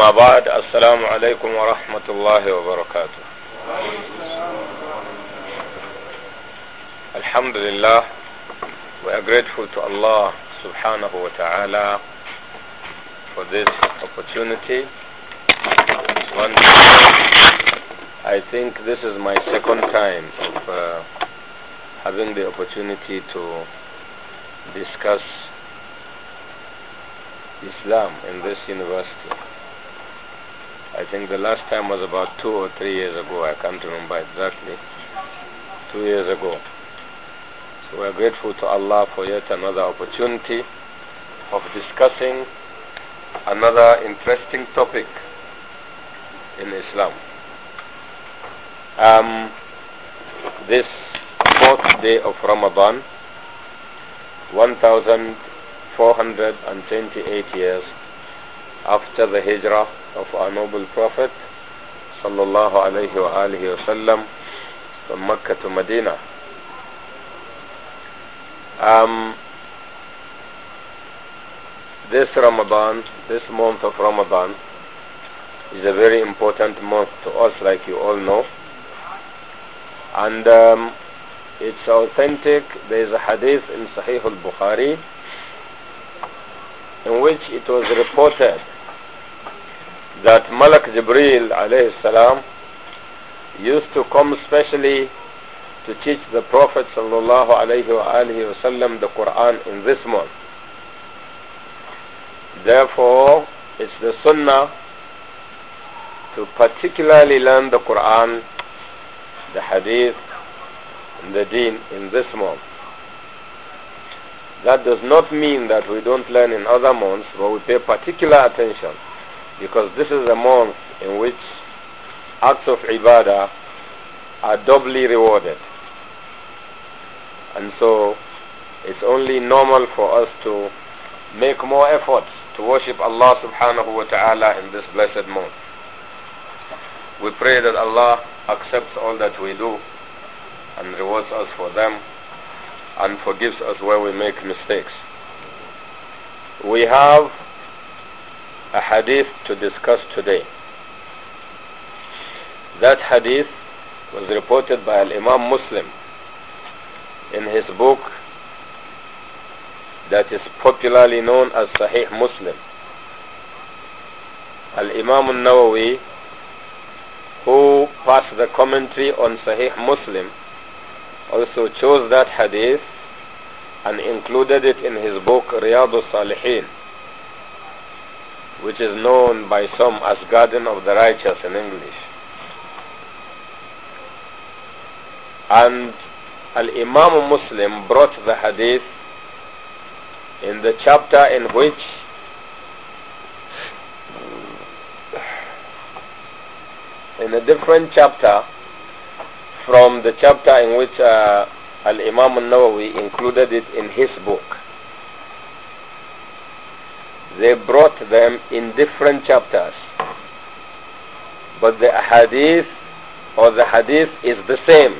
أما بعد السلام عليكم ورحمة الله وبركاته Alhamdulillah we are grateful to Allah subhanahu wa ta'ala for this opportunity I think this is my second time of uh, having the opportunity to discuss Islam in this university I think the last time was about two or three years ago. I can't remember exactly. Two years ago. So we are grateful to Allah for yet another opportunity of discussing another interesting topic in Islam. Um, this fourth day of Ramadan, 1428 years after the hijrah of our noble prophet sallallahu alayhi wa alihi from Mecca to Medina. Um, this Ramadan, this month of Ramadan is a very important month to us like you all know and um, it's authentic. There is a hadith in Sahih al-Bukhari in which it was reported that Malak Jibril alayhi salam used to come specially to teach the Prophet sallallahu alayhi wasallam the Quran in this month. Therefore, it's the sunnah to particularly learn the Quran, the Hadith, and the Deen in this month. That does not mean that we don't learn in other months, but we pay particular attention because this is a month in which acts of ibadah are doubly rewarded. And so it's only normal for us to make more efforts to worship Allah subhanahu wa ta'ala in this blessed month. We pray that Allah accepts all that we do and rewards us for them and forgives us where we make mistakes. We have a hadith to discuss today. That hadith was reported by Imam Muslim in his book that is popularly known as Sahih Muslim. Al-Imam al-Nawawi who passed the commentary on Sahih Muslim also chose that hadith and included it in his book Riyadu salihin which is known by some as Garden of the Righteous in English. And Al-Imam Muslim brought the hadith in the chapter in which in a different chapter from the chapter in which uh, Al-Imam al-Nawawi included it in his book they brought them in different chapters. But the hadith or the hadith is the same.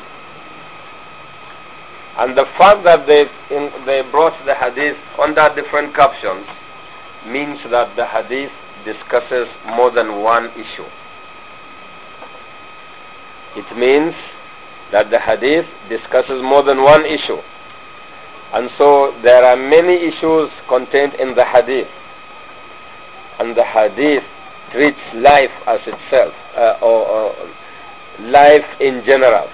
And the fact that they, in, they brought the hadith under different captions means that the hadith discusses more than one issue. It means that the hadith discusses more than one issue. And so there are many issues contained in the hadith and the hadith treats life as itself uh, or, or life in general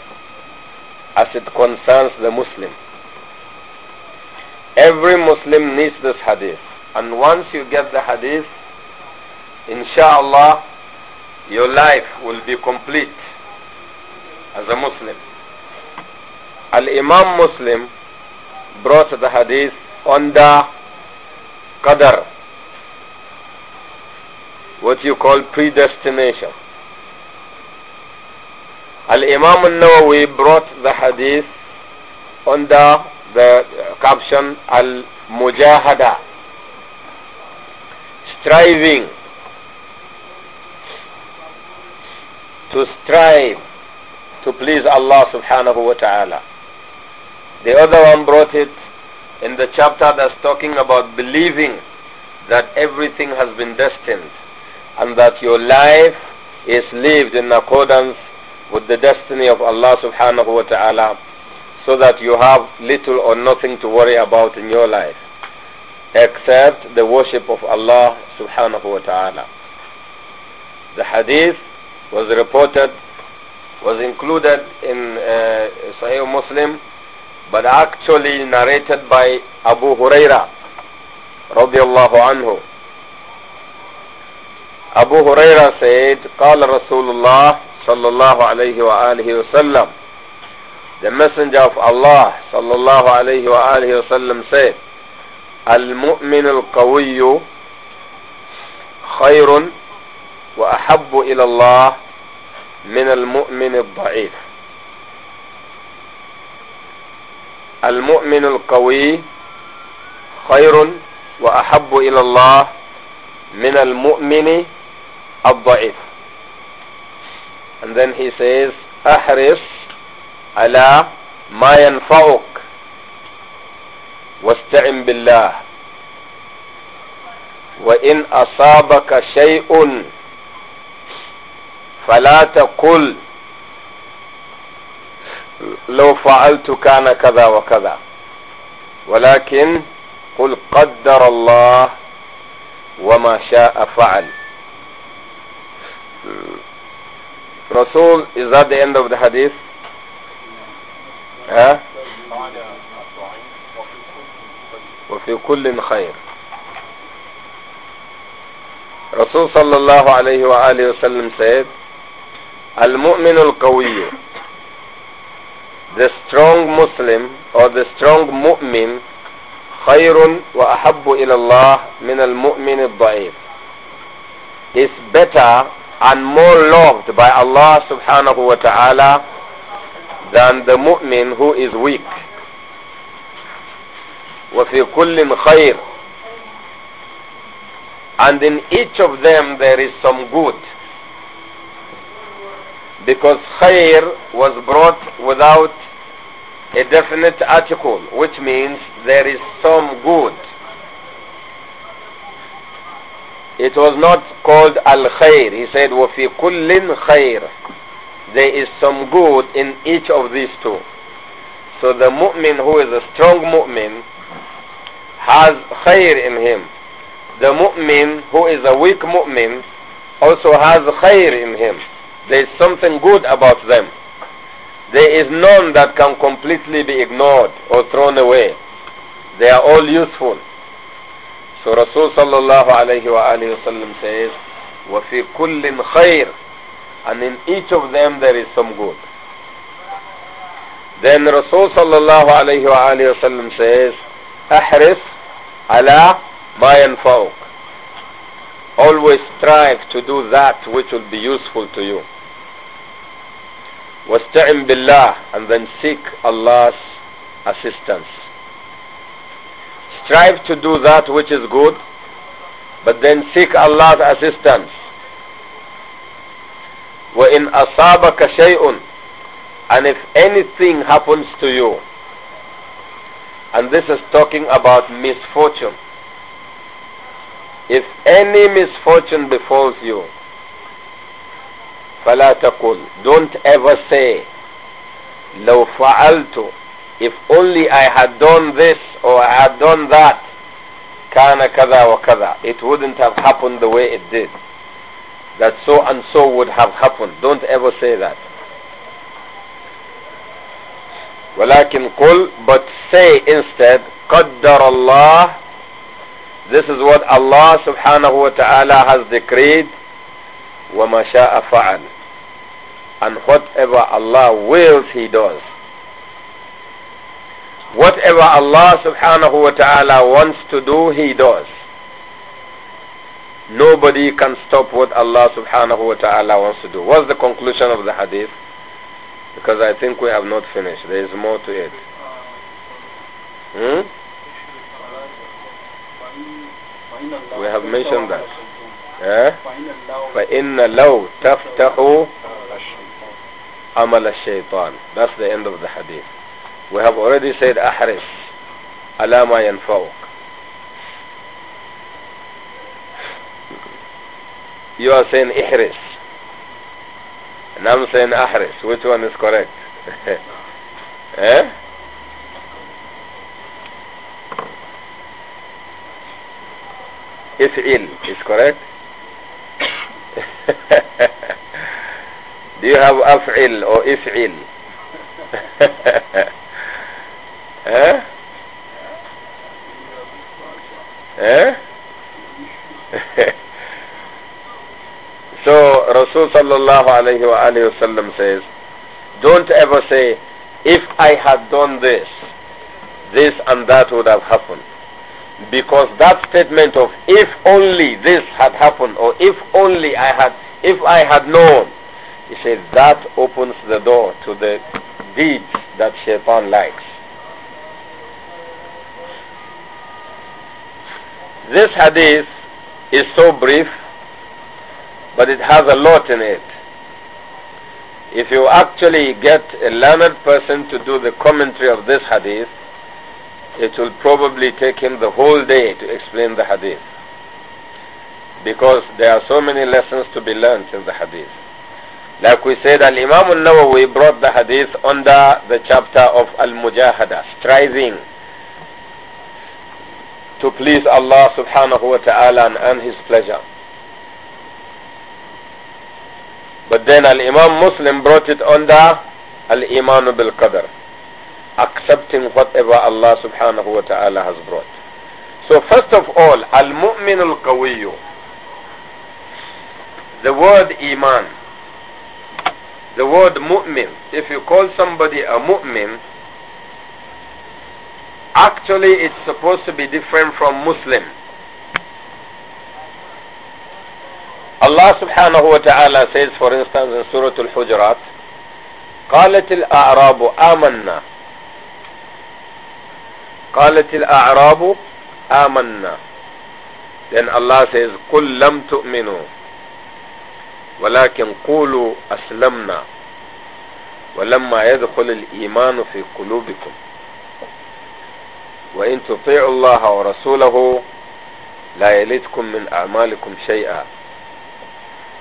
as it concerns the Muslim. Every Muslim needs this hadith and once you get the hadith inshallah your life will be complete as a Muslim. Al-Imam Muslim brought the hadith under Qadr what you call predestination. Al-Imam al-Nawawi brought the hadith under the caption Al-Mujahada, striving, to strive to please Allah subhanahu wa ta'ala. The other one brought it in the chapter that's talking about believing that everything has been destined and that your life is lived in accordance with the destiny of Allah subhanahu wa ta'ala so that you have little or nothing to worry about in your life except the worship of Allah subhanahu wa ta'ala. The hadith was reported, was included in uh, Sahih Muslim but actually narrated by Abu Huraira الله عنه. ابو هريره سيد قال رسول الله صلى الله عليه واله وسلم The Messenger of Allah صلى الله عليه واله وسلم said المؤمن القوي خير واحب الى الله من المؤمن الضعيف المؤمن القوي خير واحب الى الله من المؤمن الضعيف الضعيف and then he says أحرص على ما ينفعك واستعن بالله وإن أصابك شيء فلا تقل لو فعلت كان كذا وكذا ولكن قل قدر الله وما شاء فعل Rasul, is that the end of the hadith? ها وفي كل خير رسول صلى الله عليه وآله وسلم said المؤمن القوي the strong Muslim or the strong مؤمن خير وأحب إلى الله من المؤمن الضعيف is better and more loved by Allah subhanahu wa ta'ala than the mu'min who is weak. وَفِي كُلٍّ خَيْرٍ And in each of them there is some good. Because khair was brought without a definite article, which means there is some good. It was not called al-khair. He said, وَفِي كُلٍّ There is some good in each of these two. So the mu'min who is a strong mu'min has khair in him. The mu'min who is a weak mu'min also has khair in him. There is something good about them. There is none that can completely be ignored or thrown away. They are all useful. So Rasul sallallahu alayhi wa alayhi wa says, وَفِي كُلٍ خَيْرٍ And in each of them there is some good. Then Rasul sallallahu alayhi wa alayhi wa says, "أَحْرِسْ عَلَى مَا يَنْفَعُكَ Always strive to do that which will be useful to you. وَاسْتَعِمْ بِاللَّهِ And then seek Allah's assistance. Strive to do that which is good, but then seek Allah's assistance. وَإِنْ أَصَابَكَ شَيْءٌ And if anything happens to you, and this is talking about misfortune, if any misfortune befalls you, فَلَا تَقُلْ Don't ever say, لَوْ فَعَلْتُ if only I had done this or I had done that, kana kada wa kada. It wouldn't have happened the way it did. That so and so would have happened. Don't ever say that. ولكن قل but say instead قدر الله this is what Allah subhanahu wa ta'ala has decreed وما شاء فعل and whatever Allah wills he does Whatever Allah subhanahu wa ta'ala wants to do, He does. Nobody can stop what Allah subhanahu wa ta'ala wants to do. What's the conclusion of the hadith? Because I think we have not finished. There is more to it. Hmm? We have mentioned that. Yeah? فَإِنَّ لَوْ تَفْتَحُ عَمَلَ الشَّيْطَانِ That's the end of the hadith. We have already said أحرص على ما You are saying إحرص And I'm saying أحرص Which one is correct? eh? ill is correct? Do you have أفعل or إفعل? Eh? Eh? so Rasulullah sallallahu alayhi wa says, don't ever say, if I had done this, this and that would have happened. Because that statement of if only this had happened or if only I had, if I had known, he says that opens the door to the deeds that shaitan likes. This hadith is so brief, but it has a lot in it. If you actually get a learned person to do the commentary of this hadith, it will probably take him the whole day to explain the hadith. Because there are so many lessons to be learned in the hadith. Like we said, Al-Imam al-Nawawi brought the hadith under the chapter of Al-Mujahada, striving to please Allah subhanahu wa ta'ala and his pleasure. But then Al-Imam Muslim brought it under Al-Imanu Bil-Qadr. Accepting whatever Allah subhanahu wa ta'ala has brought. So first of all, Al-Mu'min al The word Iman. The word Mu'min. If you call somebody a Mu'min, Actually, it's supposed to be different from Muslim. Allah subhanahu wa ta'ala says, for instance, in Surah Al-Hujurat, قالت الأعراب آمنا قالت الأعراب آمنا Then Allah says, قل لم تؤمنوا ولكن قولوا أسلمنا ولما يدخل الإيمان في قلوبكم وإن تطيعوا الله ورسوله لا يلدكم من أعمالكم شيئا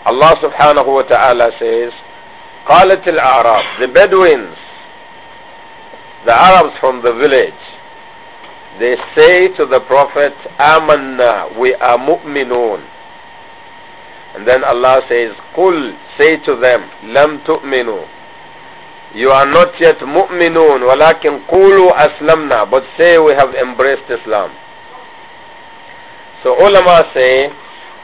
Allah subhanahu wa ta'ala says قالت الأعراب the Bedouins the Arabs from the village they say to the Prophet آمنا we are مؤمنون and then Allah says قل say to them لم تؤمنوا You are not yet mu'minun, walakin qulu aslamna, but say we have embraced Islam. So ulama say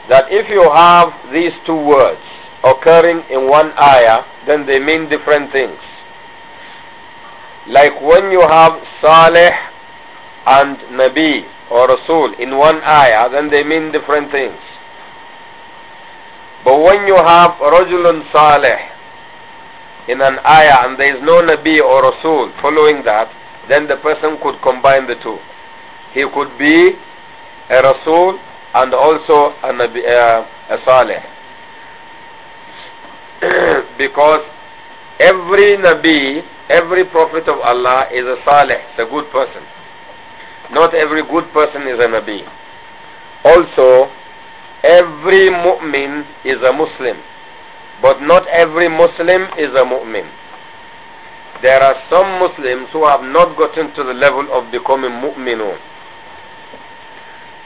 that if you have these two words occurring in one ayah, then they mean different things. Like when you have salih and Nabi or Rasul in one ayah, then they mean different things. But when you have Rajulun salih in an ayah and there is no Nabi or Rasul following that, then the person could combine the two. He could be a Rasul and also a, Nabi, uh, a Saleh. because every Nabi, every Prophet of Allah is a Saleh, a good person. Not every good person is a Nabi. Also, every mu'min is a Muslim but not every Muslim is a mu'min. There are some Muslims who have not gotten to the level of becoming mu'minun.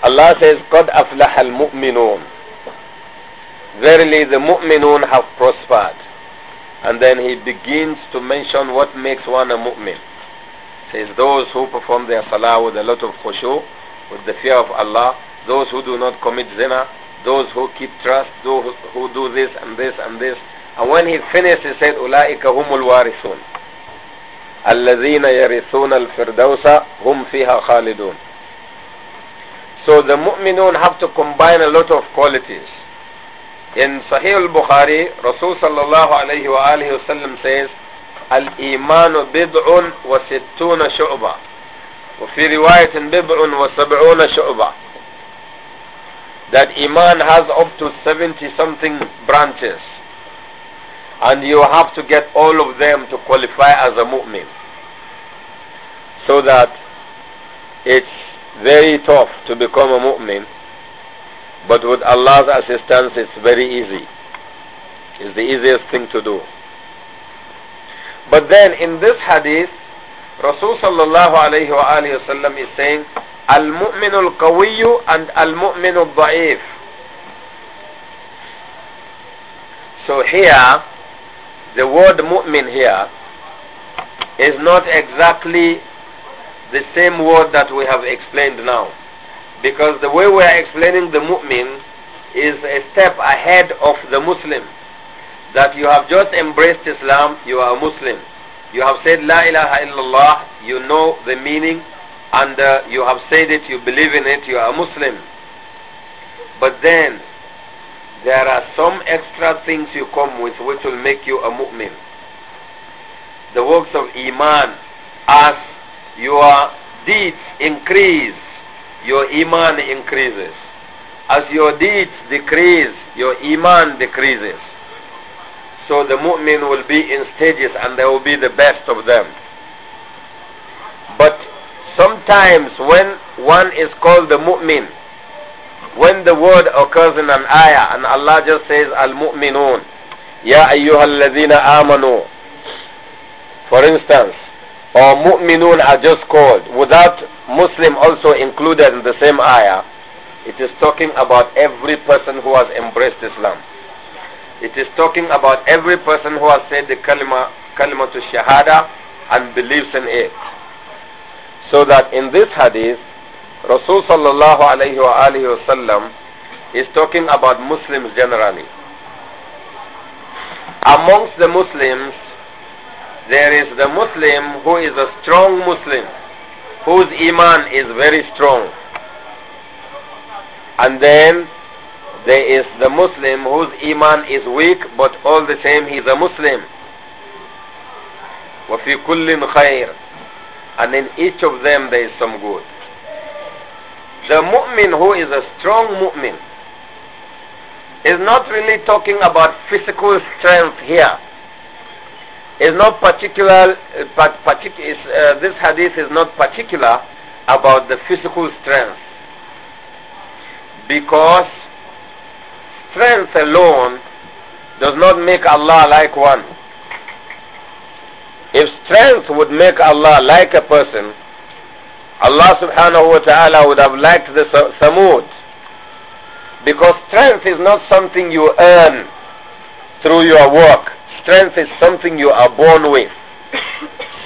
Allah says, قَدْ أَفْلَحَ الْمُؤْمِنُونَ Verily the mu'minun have prospered. And then he begins to mention what makes one a mu'min. Says those who perform their salah with a lot of khushu, with the fear of Allah, those who do not commit zina, those who keep trust, those who do this and this and this. And when he finished, he said, أولئك هم الوارثون الذين يرثون الفردوس هم فيها خالدون So the mu'minun have to combine a lot of qualities. In Sahih al-Bukhari, Rasul sallallahu alayhi wa alihi wa sallam says, الإيمان بضع وستون شعبة وفي رواية بضع وسبعون شعبة that Iman has up to 70 something branches and you have to get all of them to qualify as a mu'min so that it's very tough to become a mu'min but with Allah's assistance it's very easy it's the easiest thing to do but then in this hadith Rasul sallallahu alayhi wa is saying Al-Mu'min al and Al-Mu'min al So here, the word Mu'min here is not exactly the same word that we have explained now. Because the way we are explaining the Mu'min is a step ahead of the Muslim. That you have just embraced Islam, you are a Muslim. You have said La ilaha illallah, you know the meaning, and uh, you have said it, you believe in it, you are a Muslim. But then, there are some extra things you come with which will make you a mu'min. The works of Iman, as your deeds increase, your Iman increases. As your deeds decrease, your Iman decreases. So the mu'min will be in stages and they will be the best of them. But Sometimes when one is called the mu'min, when the word occurs in an ayah and Allah just says al-mu'minun, ya ayyuhalladhina amanu, for instance, or mu'minun are just called without Muslim also included in the same ayah, it is talking about every person who has embraced Islam. It is talking about every person who has said the kalima, to shahada and believes in it. So that in this hadith, Rasulullah sallallahu alayhi wa is talking about Muslims generally. Amongst the Muslims, there is the Muslim who is a strong Muslim, whose Iman is very strong. And then there is the Muslim whose Iman is weak, but all the same he is a Muslim. وَفِي كُلٍّ خَيْرٍ and in each of them there is some good. The mu'min who is a strong mu'min is not really talking about physical strength here. Is not particular, but uh, is, uh, this hadith is not particular about the physical strength because strength alone does not make Allah like one. If strength would make Allah like a person, Allah subhanahu wa ta'ala would have liked the Samud. Because strength is not something you earn through your work. Strength is something you are born with.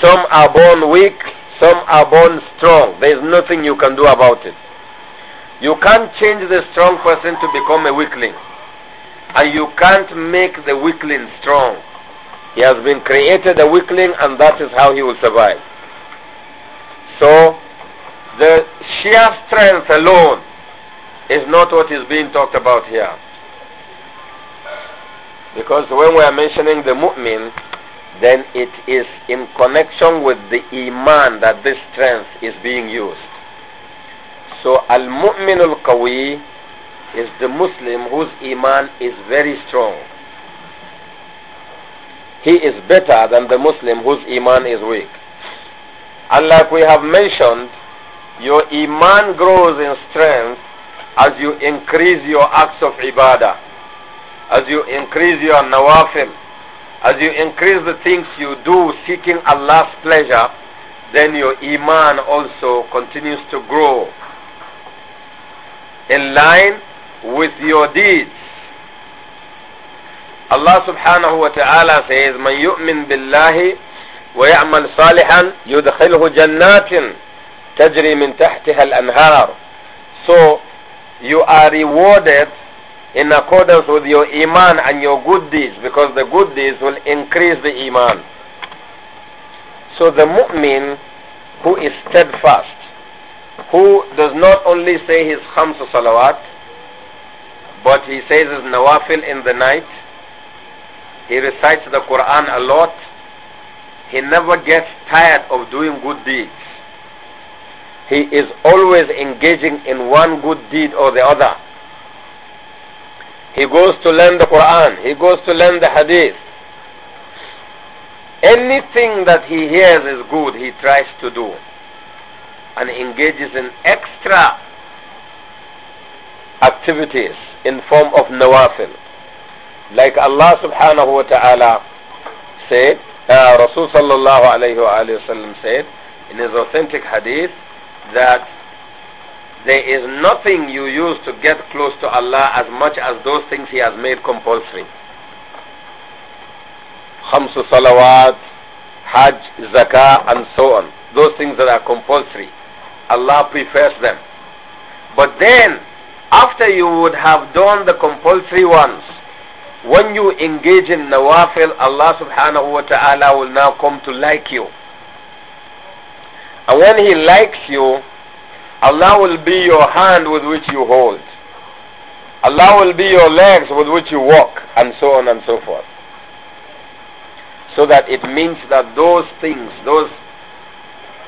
Some are born weak, some are born strong. There is nothing you can do about it. You can't change the strong person to become a weakling. And you can't make the weakling strong. He has been created a weakling and that is how he will survive. So, the sheer strength alone is not what is being talked about here. Because when we are mentioning the mu'min, then it is in connection with the iman that this strength is being used. So al-mu'min al-qawi is the Muslim whose iman is very strong he is better than the Muslim whose iman is weak. And like we have mentioned, your iman grows in strength as you increase your acts of ibadah, as you increase your nawafil, as you increase the things you do seeking Allah's pleasure, then your iman also continues to grow in line with your deeds. Allah subhanahu wa ta'ala says, Man yu'min billahi wa ya'mal salihan yudkhilhu jannatin tajri min tahtiha al-anhar. So, you are rewarded in accordance with your iman and your good deeds because the good deeds will increase the iman. So the mu'min who is steadfast, who does not only say his khamsa salawat, but he says his nawafil in the night, He recites the Quran a lot. He never gets tired of doing good deeds. He is always engaging in one good deed or the other. He goes to learn the Quran. He goes to learn the Hadith. Anything that he hears is good, he tries to do. And engages in extra activities in form of nawafil. Like Allah subhanahu wa ta'ala said, uh, Rasul sallallahu alayhi wa sallam said in his authentic hadith that there is nothing you use to get close to Allah as much as those things He has made compulsory. Khamsu salawat, Hajj, Zakah, and so on. Those things that are compulsory. Allah prefers them. But then, after you would have done the compulsory ones, when you engage in nawafil, Allah subhanahu wa ta'ala will now come to like you. And when He likes you, Allah will be your hand with which you hold. Allah will be your legs with which you walk, and so on and so forth. So that it means that those things, those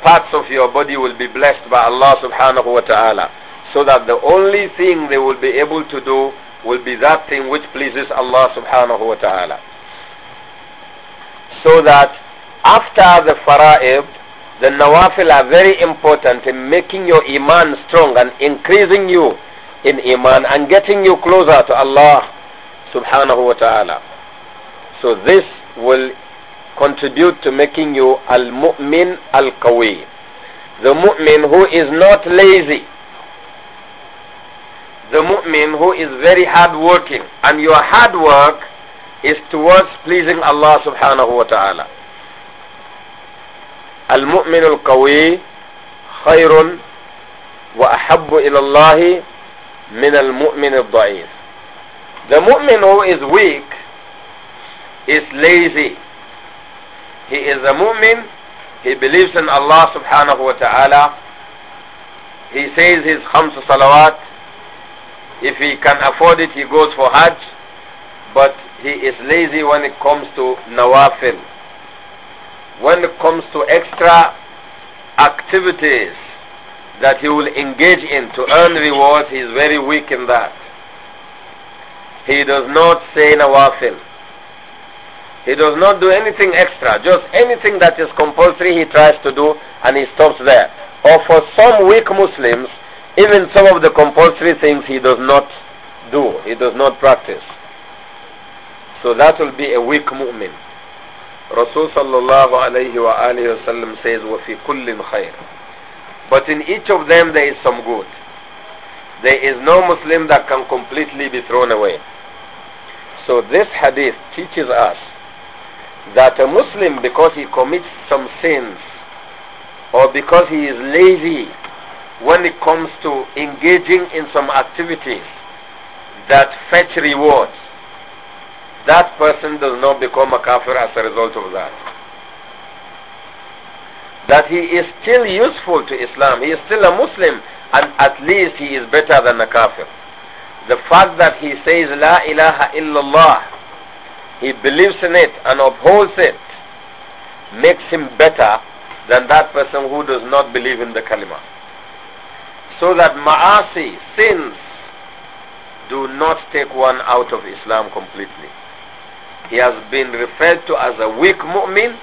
parts of your body will be blessed by Allah subhanahu wa ta'ala. So that the only thing they will be able to do will be that thing which pleases Allah subhanahu wa ta'ala. So that after the fara'ib, the nawafil are very important in making your iman strong and increasing you in iman and getting you closer to Allah subhanahu wa ta'ala. So this will contribute to making you al-mu'min al kawi The mu'min who is not lazy the mu'min who is very hard working. And your hard work is towards pleasing Allah subhanahu wa ta'ala. المؤمن القوي خير وأحب إلى الله من المؤمن الضعيف. The mu'min who is weak is lazy. He is a mu'min. He believes in Allah subhanahu wa ta'ala. He says his khamsa salawat. If he can afford it, he goes for Hajj, but he is lazy when it comes to nawafil. When it comes to extra activities that he will engage in to earn rewards, he is very weak in that. He does not say nawafil. He does not do anything extra. Just anything that is compulsory, he tries to do and he stops there. Or for some weak Muslims, even some of the compulsory things he does not do, he does not practice. So that will be a weak mu'min. Rasul sallallahu alayhi wa alayhi wa sallam says, وَفِي كُلٍّ خَيْرٍ But in each of them there is some good. There is no Muslim that can completely be thrown away. So this hadith teaches us that a Muslim, because he commits some sins, or because he is lazy, when it comes to engaging in some activities that fetch rewards, that person does not become a kafir as a result of that. That he is still useful to Islam, he is still a Muslim, and at least he is better than a kafir. The fact that he says La ilaha illallah, he believes in it and upholds it, makes him better than that person who does not believe in the kalima. So that ma'asi, sins, do not take one out of Islam completely. He has been referred to as a weak mu'min,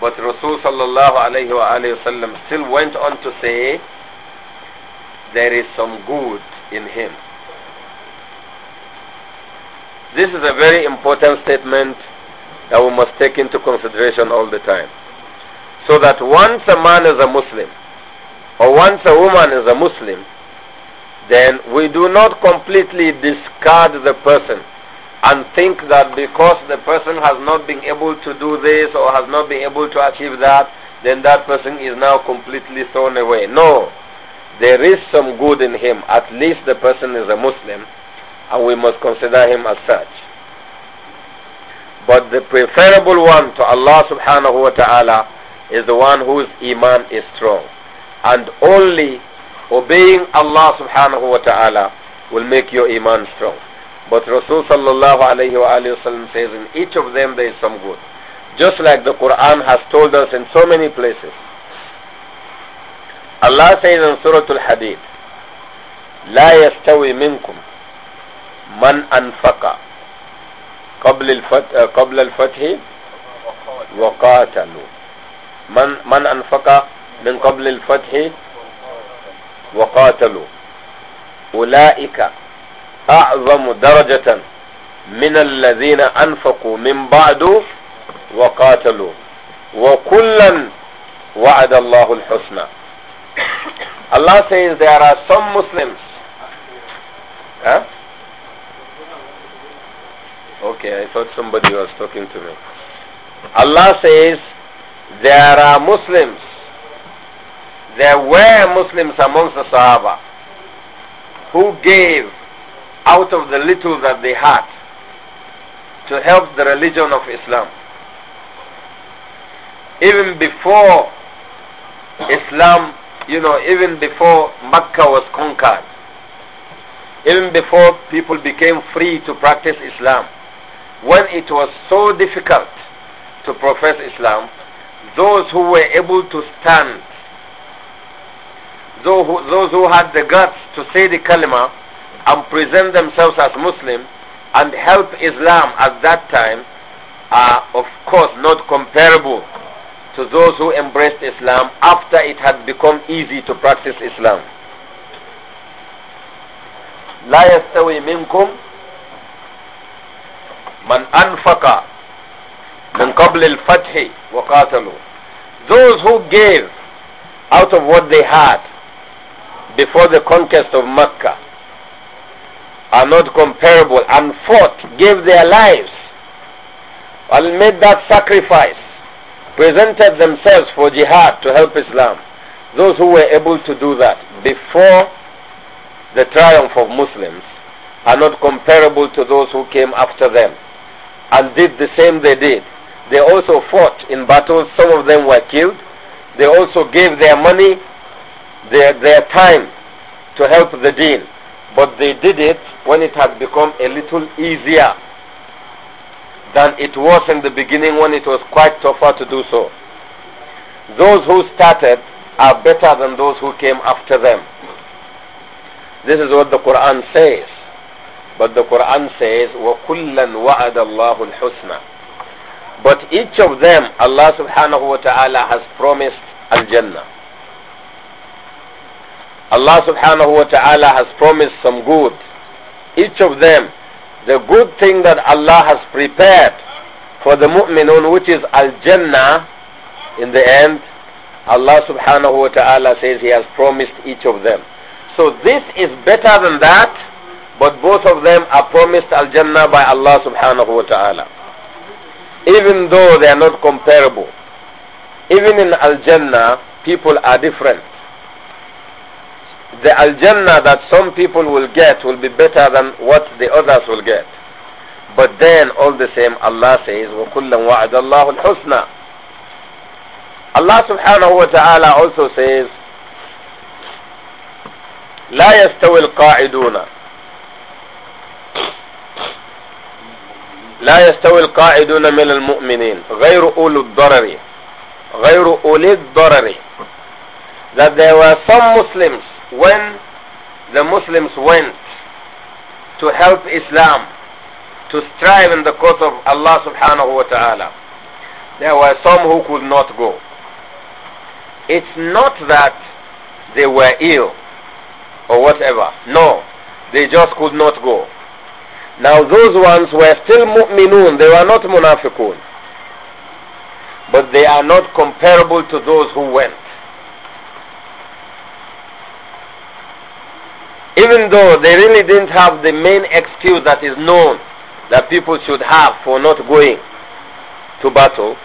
but Rasul sallallahu alayhi wa still went on to say, there is some good in him. This is a very important statement that we must take into consideration all the time. So that once a man is a Muslim, or once a woman is a Muslim, then we do not completely discard the person and think that because the person has not been able to do this or has not been able to achieve that, then that person is now completely thrown away. No, there is some good in him. At least the person is a Muslim and we must consider him as such. But the preferable one to Allah subhanahu wa ta'ala is the one whose iman is strong and only obeying Allah subhanahu wa ta'ala will make your iman strong. But Rasul sallallahu alayhi wa sallam says in each of them there is some good. Just like the Quran has told us in so many places. Allah says in Surah Al-Hadid, لا يستوي منكم من أنفق قبل الفتح, قبل الفتح وقاتلوا من, من أنفق من قبل الفتح وقاتلوا أولئك أعظم درجة من الذين أنفقوا من بعد وقاتلوا وكلا وعد الله الحسنى الله says there are some Muslims huh? Okay, I thought somebody was talking to me. Allah says there are Muslims there were Muslims amongst the Sahaba who gave out of the little that they had to help the religion of Islam. Even before Islam, you know, even before Mecca was conquered, even before people became free to practice Islam, when it was so difficult to profess Islam, those who were able to stand those who had the guts to say the kalima and present themselves as Muslim and help Islam at that time are of course not comparable to those who embraced Islam after it had become easy to practice Islam. لا يستوي منكم من أنفق من قبل الفتح وقاتلوا Those who gave out of what they had before the conquest of Mecca are not comparable and fought, gave their lives and made that sacrifice, presented themselves for jihad to help Islam. Those who were able to do that before the triumph of Muslims are not comparable to those who came after them and did the same they did. They also fought in battles, some of them were killed. They also gave their money their, their time to help the deen. But they did it when it had become a little easier than it was in the beginning when it was quite tougher to do so. Those who started are better than those who came after them. This is what the Quran says. But the Quran says, وَكُلًّا وَعَدَ اللَّهُ الْحُسْنَى But each of them, Allah subhanahu wa ta'ala has promised al-Jannah. Allah subhanahu wa ta'ala has promised some good. Each of them, the good thing that Allah has prepared for the mu'minun, which is al-jannah, in the end, Allah subhanahu wa ta'ala says He has promised each of them. So this is better than that, but both of them are promised al-jannah by Allah subhanahu wa ta'ala. Even though they are not comparable. Even in al-jannah, people are different. the al-jannah that some people will get will be better than what the others will get. But then all the same Allah says, وَكُلًّا وَعَدَ اللَّهُ الْحُسْنَى Allah subhanahu wa ta'ala also says, لا يستوي القاعدون لا يستوي القاعدون من المؤمنين غير أولو الضرر غير أولي الضرر that there were some Muslims when the Muslims went to help Islam, to strive in the cause of Allah subhanahu wa ta'ala, there were some who could not go. It's not that they were ill or whatever. No, they just could not go. Now those ones were still mu'minun, they were not munafiqun. But they are not comparable to those who went. even though they really didn't have the main excuse that is known that people should have for not going to battle,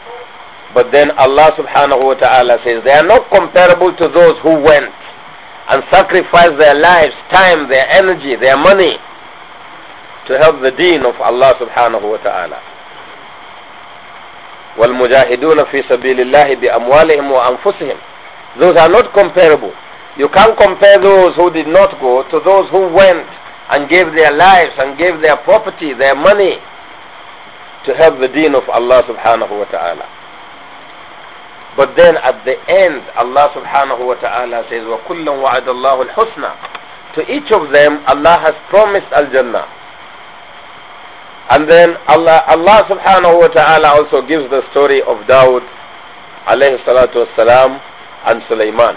but then Allah subhanahu wa ta'ala says they are not comparable to those who went and sacrificed their lives, time, their energy, their money to help the deen of Allah subhanahu wa ta'ala. وَالْمُجَاهِدُونَ فِي سَبِيلِ اللَّهِ بِأَمْوَالِهِمْ وَأَنفُسِهِمْ Those are not comparable you can't compare those who did not go to those who went and gave their lives and gave their property, their money to help the deen of Allah subhanahu wa ta'ala. But then at the end, Allah subhanahu wa ta'ala says, وَكُلًّا وَعَدَ اللَّهُ الْحُسْنَى To each of them, Allah has promised Al-Jannah. And then Allah, Allah subhanahu wa ta'ala also gives the story of Dawud alayhi salatu wasalam and Sulaiman.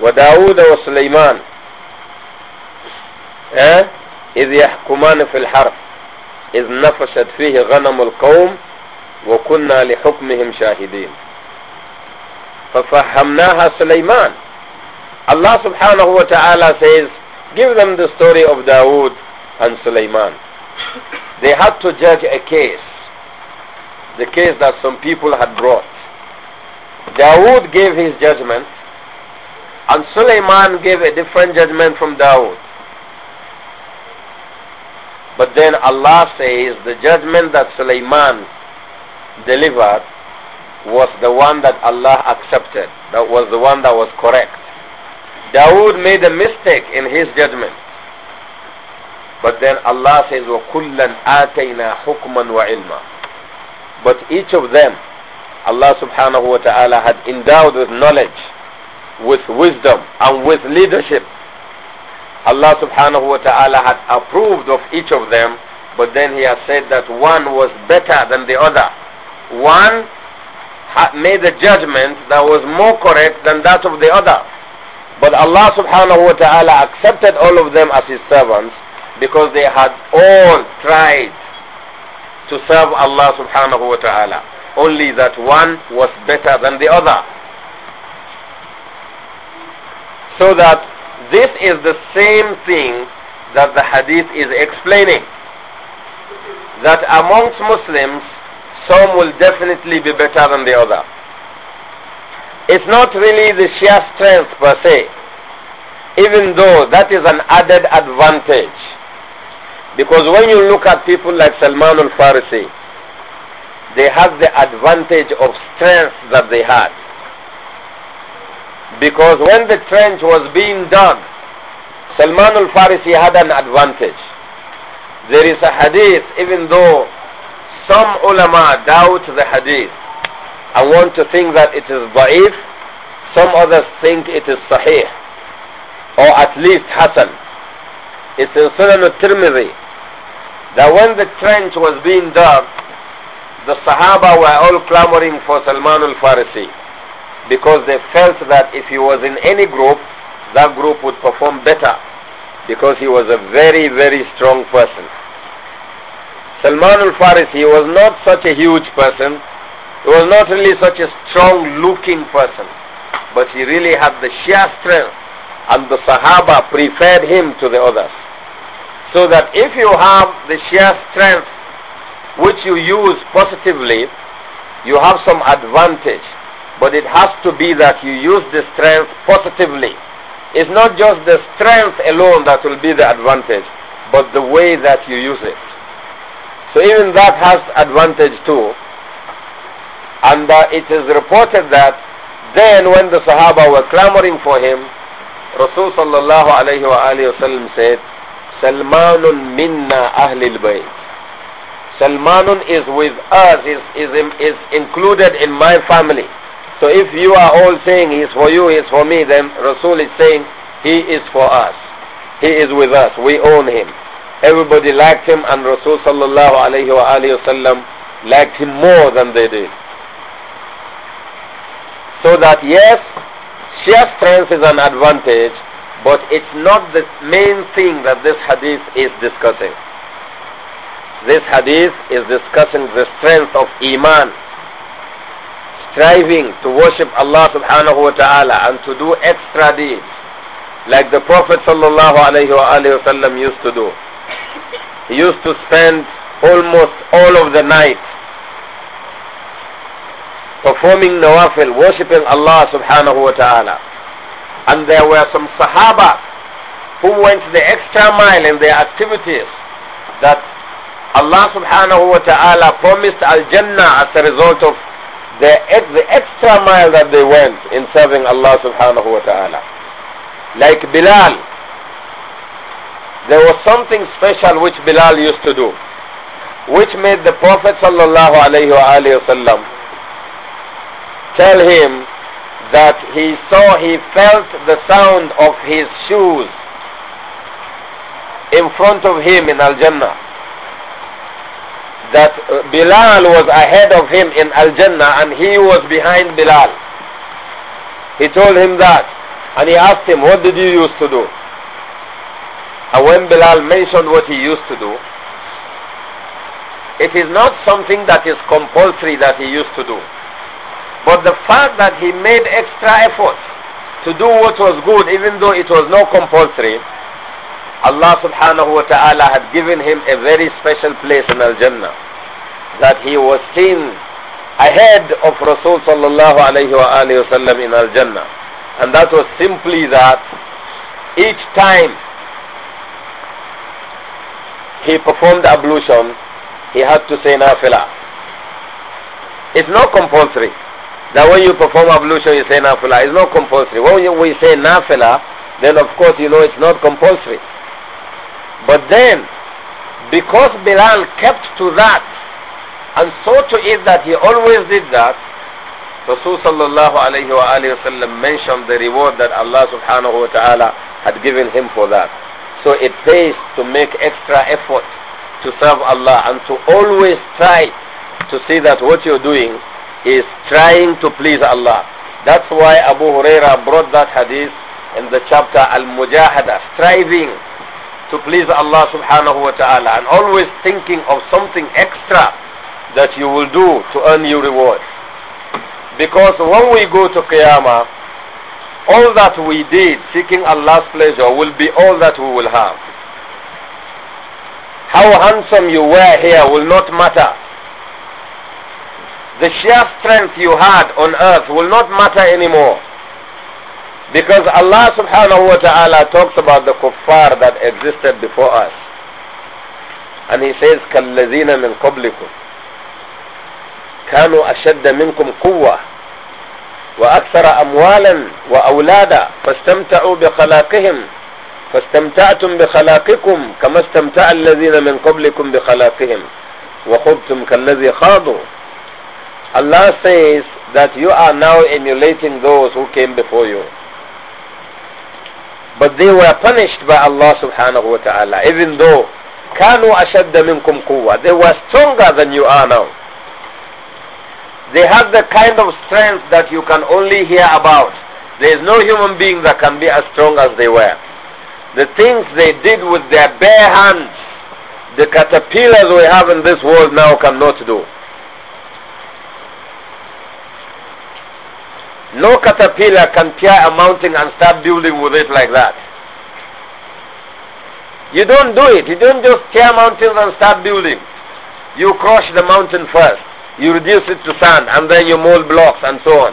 وداود وسليمان إذ يحكمان في الحرب إذ نفشت فيه غنم القوم وكنا لحكمهم شاهدين ففهمناها سليمان الله سبحانه وتعالى says give them the story of داود and سليمان they had to judge a case the case that some people had brought داود gave his judgment And Suleiman gave a different judgment from Dawood. But then Allah says the judgment that Suleiman delivered was the one that Allah accepted. That was the one that was correct. Dawood made a mistake in his judgment. But then Allah says, وَكُلًّا آتَيْنَا حُكْمًا وَعِلْمًا But each of them, Allah subhanahu wa ta'ala had endowed with knowledge with wisdom and with leadership. Allah subhanahu wa ta'ala had approved of each of them, but then he has said that one was better than the other. One made a judgment that was more correct than that of the other. But Allah subhanahu wa ta'ala accepted all of them as his servants because they had all tried to serve Allah subhanahu wa ta'ala. Only that one was better than the other. So that this is the same thing that the hadith is explaining. That amongst Muslims, some will definitely be better than the other. It's not really the sheer strength per se, even though that is an added advantage. Because when you look at people like Salman al-Farisi, they have the advantage of strength that they had. Because when the trench was being dug, Salman al-Farisi had an advantage. There is a hadith, even though some ulama doubt the hadith and want to think that it is da'if, some others think it is sahih, or at least hasan. It's in Sunan al-Tirmidhi, that when the trench was being dug, the Sahaba were all clamoring for Salman al-Farisi because they felt that if he was in any group, that group would perform better because he was a very, very strong person. Salman al-Farisi was not such a huge person. He was not really such a strong-looking person. But he really had the sheer strength and the Sahaba preferred him to the others. So that if you have the sheer strength which you use positively, you have some advantage but it has to be that you use the strength positively. It's not just the strength alone that will be the advantage, but the way that you use it. So even that has advantage too. And uh, it is reported that then when the Sahaba were clamoring for him, Rasul sallallahu alayhi wa alayhi wa said, Salmanun minna ahlil bayt. Salmanun is with us, is, is, is included in my family. So if you are all saying He is for you, He is for me, then Rasul is saying He is for us. He is with us. We own Him. Everybody liked Him and Rasul sallallahu alayhi wa alayhi wasallam liked Him more than they did. So that yes, sheer strength is an advantage, but it's not the main thing that this hadith is discussing. This hadith is discussing the strength of Iman striving to worship Allah subhanahu wa ta'ala and to do extra deeds like the Prophet sallallahu alayhi wa used to do. He used to spend almost all of the night performing nawafil, worshipping Allah subhanahu wa ta'ala. And there were some Sahaba who went the extra mile in their activities that Allah subhanahu wa ta'ala promised Al-Jannah as a result of the, the extra mile that they went in serving Allah subhanahu wa ta'ala. Like Bilal, there was something special which Bilal used to do, which made the Prophet sallallahu alayhi wa tell him that he saw, he felt the sound of his shoes in front of him in Al-Jannah that uh, Bilal was ahead of him in Al-Jannah and he was behind Bilal. He told him that. And he asked him, what did you used to do? And when Bilal mentioned what he used to do, it is not something that is compulsory that he used to do. But the fact that he made extra effort to do what was good even though it was not compulsory, Allah subhanahu wa ta'ala had given him a very special place in Al-Jannah. That he was seen ahead of Rasul sallallahu alayhi wa wasallam in Al-Jannah. And that was simply that each time he performed ablution, he had to say nafila. It's not compulsory. That when you perform ablution, you say nafila. It's not compulsory. When we say nafila, then of course you know it's not compulsory. But then, because Bilal kept to that and saw to it that he always did that, Rasul sallallahu alayhi wa mentioned the reward that Allah subhanahu wa ta'ala had given him for that. So it pays to make extra effort to serve Allah and to always try to see that what you're doing is trying to please Allah. That's why Abu Huraira brought that hadith in the chapter Al-Mujahada, striving to please Allah subhanahu wa ta'ala and always thinking of something extra that you will do to earn your reward. Because when we go to Qiyamah, all that we did seeking Allah's pleasure will be all that we will have. How handsome you were here will not matter. The sheer strength you had on earth will not matter anymore. Because Allah subhanahu wa ta'ala talks about the kuffar that existed before us. And he says, كَالَّذِينَ مِنْ قَبْلِكُمْ كَانُوا أَشَدَّ مِنْكُمْ قُوَّةً وأكثر أموالا وأولادا فاستمتعوا بخلاقهم فاستمتعتم بخلاقكم كما استمتع الذين من قبلكم بخلاقهم وَخُبْتُمْ كالذي خاضوا Allah says that you are now emulating those who came before you. But they were punished by Allah subhanahu wa ta'ala, even though كانوا أشد منكم قوة. They were stronger than you are now. They had the kind of strength that you can only hear about. There is no human being that can be as strong as they were. The things they did with their bare hands, the caterpillars we have in this world now cannot do. No caterpillar can tear a mountain and start building with it like that. You don't do it. You don't just tear mountains and start building. You crush the mountain first. You reduce it to sand and then you mold blocks and so on.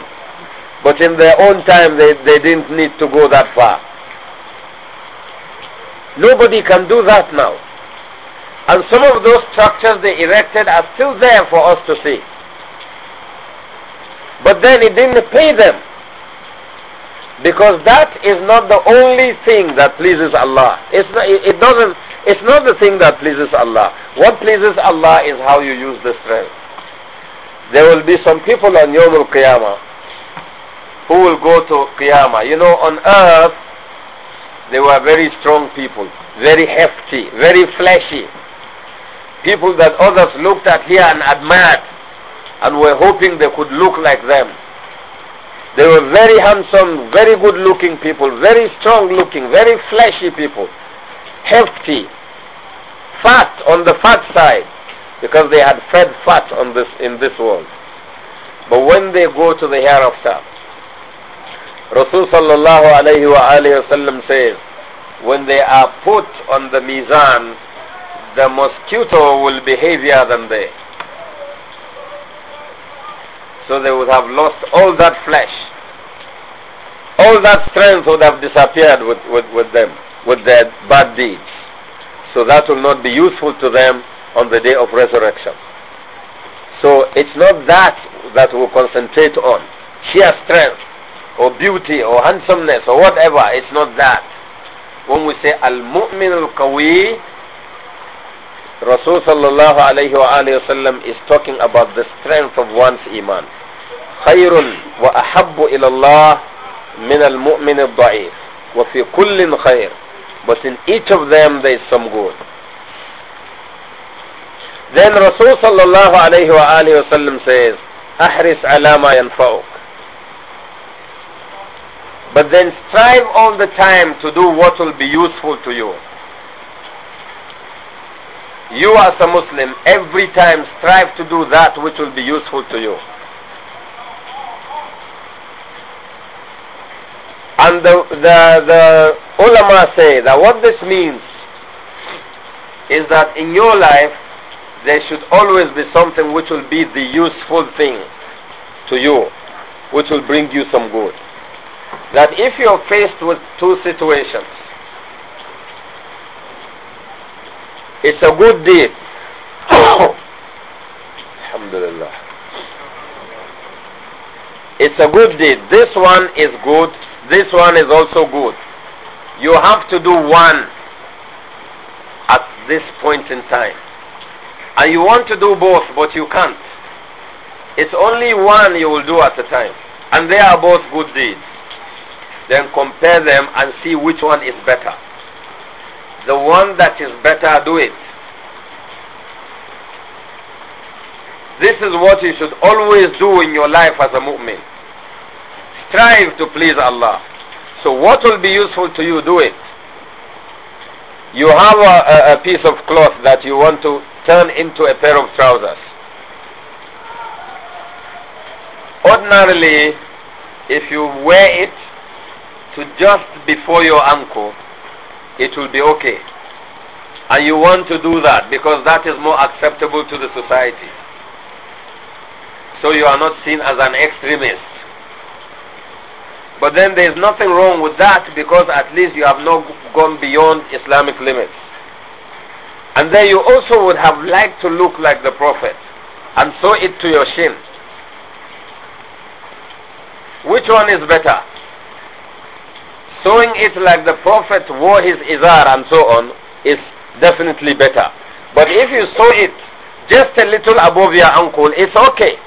But in their own time, they, they didn't need to go that far. Nobody can do that now. And some of those structures they erected are still there for us to see. But then he didn't pay them. Because that is not the only thing that pleases Allah. It's not, it doesn't, it's not the thing that pleases Allah. What pleases Allah is how you use the strength. There will be some people on Yom Al-Qiyamah who will go to Qiyamah. You know, on earth, they were very strong people, very hefty, very fleshy. People that others looked at here and admired and were hoping they could look like them. They were very handsome, very good looking people, very strong looking, very fleshy people, hefty, fat on the fat side, because they had fed fat on this, in this world. But when they go to the hereafter, Rasul sallallahu alayhi wa alayhi says, when they are put on the mizan, the mosquito will be heavier than they. So they would have lost all that flesh. All that strength would have disappeared with, with, with them, with their bad deeds. So that will not be useful to them on the day of resurrection. So it's not that that we concentrate on. Sheer strength or beauty or handsomeness or whatever. It's not that. When we say Al-Mu'min Al-Qawi, Rasul Sallallahu Alaihi Wasallam is talking about the strength of one's Iman. خير وأحب إلى الله من المؤمن الضعيف وفي كل خير but in each of them there is some good then Rasul sallallahu alayhi wa alihi وسلم says أحرص على ما ينفعك but then strive all the time to do what will be useful to you you as a Muslim every time strive to do that which will be useful to you And the, the, the ulama say that what this means is that in your life there should always be something which will be the useful thing to you, which will bring you some good. That if you're faced with two situations, it's a good deed. Alhamdulillah. It's a good deed. This one is good this one is also good. You have to do one at this point in time. And you want to do both, but you can't. It's only one you will do at a time. And they are both good deeds. Then compare them and see which one is better. The one that is better, do it. This is what you should always do in your life as a movement. Strive to please Allah. So what will be useful to you, do it. You have a, a, a piece of cloth that you want to turn into a pair of trousers. Ordinarily, if you wear it to just before your ankle, it will be okay. And you want to do that because that is more acceptable to the society. So you are not seen as an extremist. But then there is nothing wrong with that because at least you have not gone beyond Islamic limits. And then you also would have liked to look like the Prophet and sew it to your shin. Which one is better? Sewing it like the Prophet wore his izar and so on is definitely better. But if you sew it just a little above your ankle, it's okay.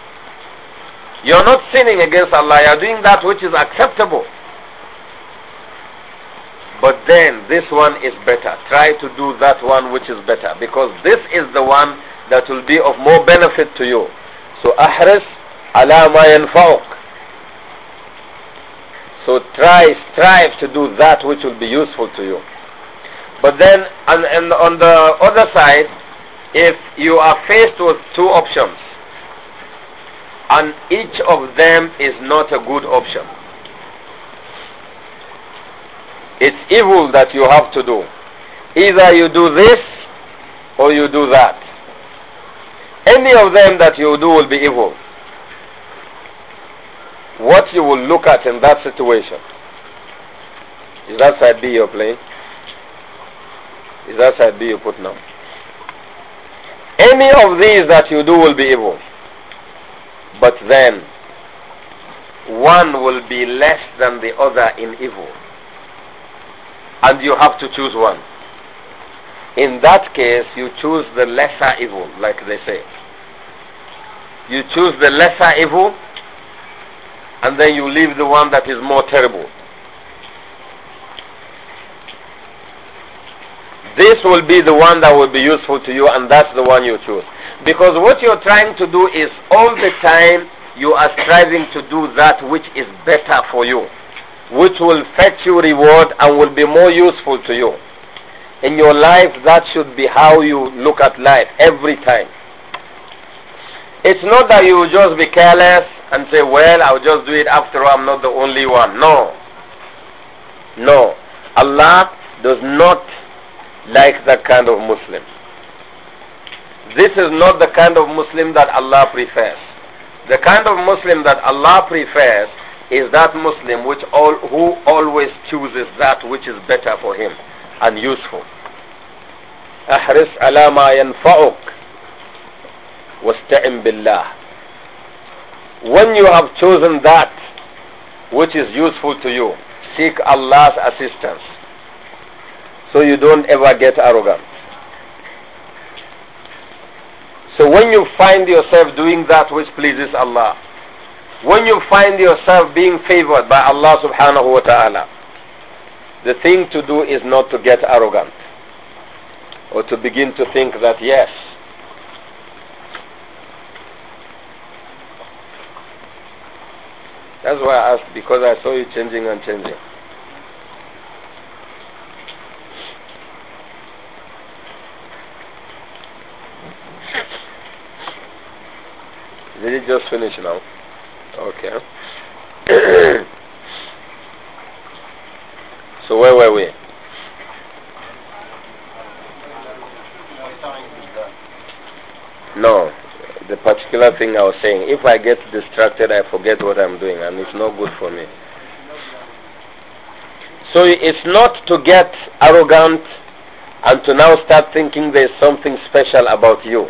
You're not sinning against Allah, you're doing that which is acceptable. But then this one is better. Try to do that one which is better because this is the one that will be of more benefit to you. So ahris ala ma yanfa'uk. So try, strive to do that which will be useful to you. But then, and, and on the other side, if you are faced with two options, and each of them is not a good option. It's evil that you have to do. Either you do this or you do that. Any of them that you do will be evil. What you will look at in that situation. Is that side B you're playing? Is that side B you put now? Any of these that you do will be evil. But then, one will be less than the other in evil. And you have to choose one. In that case, you choose the lesser evil, like they say. You choose the lesser evil, and then you leave the one that is more terrible. This will be the one that will be useful to you, and that's the one you choose. Because what you're trying to do is all the time you are striving to do that which is better for you, which will fetch you reward and will be more useful to you. In your life, that should be how you look at life every time. It's not that you just be careless and say, well, I'll just do it after all, I'm not the only one. No. No. Allah does not like that kind of Muslim. This is not the kind of Muslim that Allah prefers. The kind of Muslim that Allah prefers is that Muslim which all, who always chooses that which is better for him and useful. أحرص على ما ينفعك واستعن بالله When you have chosen that which is useful to you, seek Allah's assistance so you don't ever get arrogant. So when you find yourself doing that which pleases Allah, when you find yourself being favored by Allah subhanahu wa ta'ala, the thing to do is not to get arrogant or to begin to think that yes, that's why I asked because I saw you changing and changing. Did it just finish now? Okay. so where were we? No, the particular thing I was saying. If I get distracted, I forget what I'm doing, and it's not good for me. So it's not to get arrogant and to now start thinking there's something special about you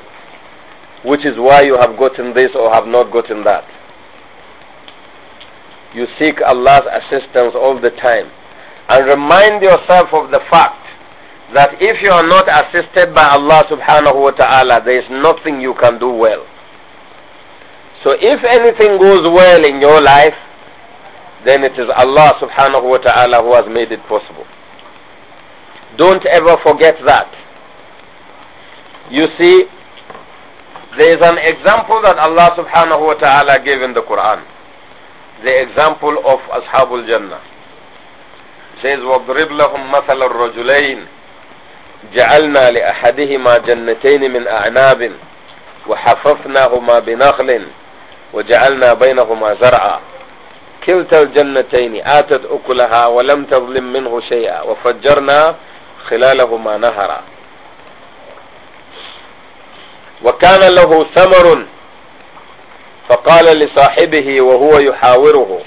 which is why you have gotten this or have not gotten that. You seek Allah's assistance all the time. And remind yourself of the fact that if you are not assisted by Allah subhanahu wa ta'ala, there is nothing you can do well. So if anything goes well in your life, then it is Allah subhanahu wa ta'ala who has made it possible. Don't ever forget that. You see, There is an example that Allah subhanahu wa ta'ala gave in the Quran. The example of Ashabul Jannah. It says, وَاضْرِبْ لَهُمْ مَثَلَ الرَّجُلَيْنِ جَعَلْنَا لِأَحَدِهِمَا جَنَّتَيْنِ مِنْ أَعْنَابٍ وَحَفَفْنَاهُمَا بِنَخْلٍ وَجَعَلْنَا بَيْنَهُمَا زَرْعًا كلتا الجنتين آتت أكلها ولم تظلم منه شيئا وفجرنا خلالهما نهرا وكان له ثمر فقال لصاحبه وهو يحاوره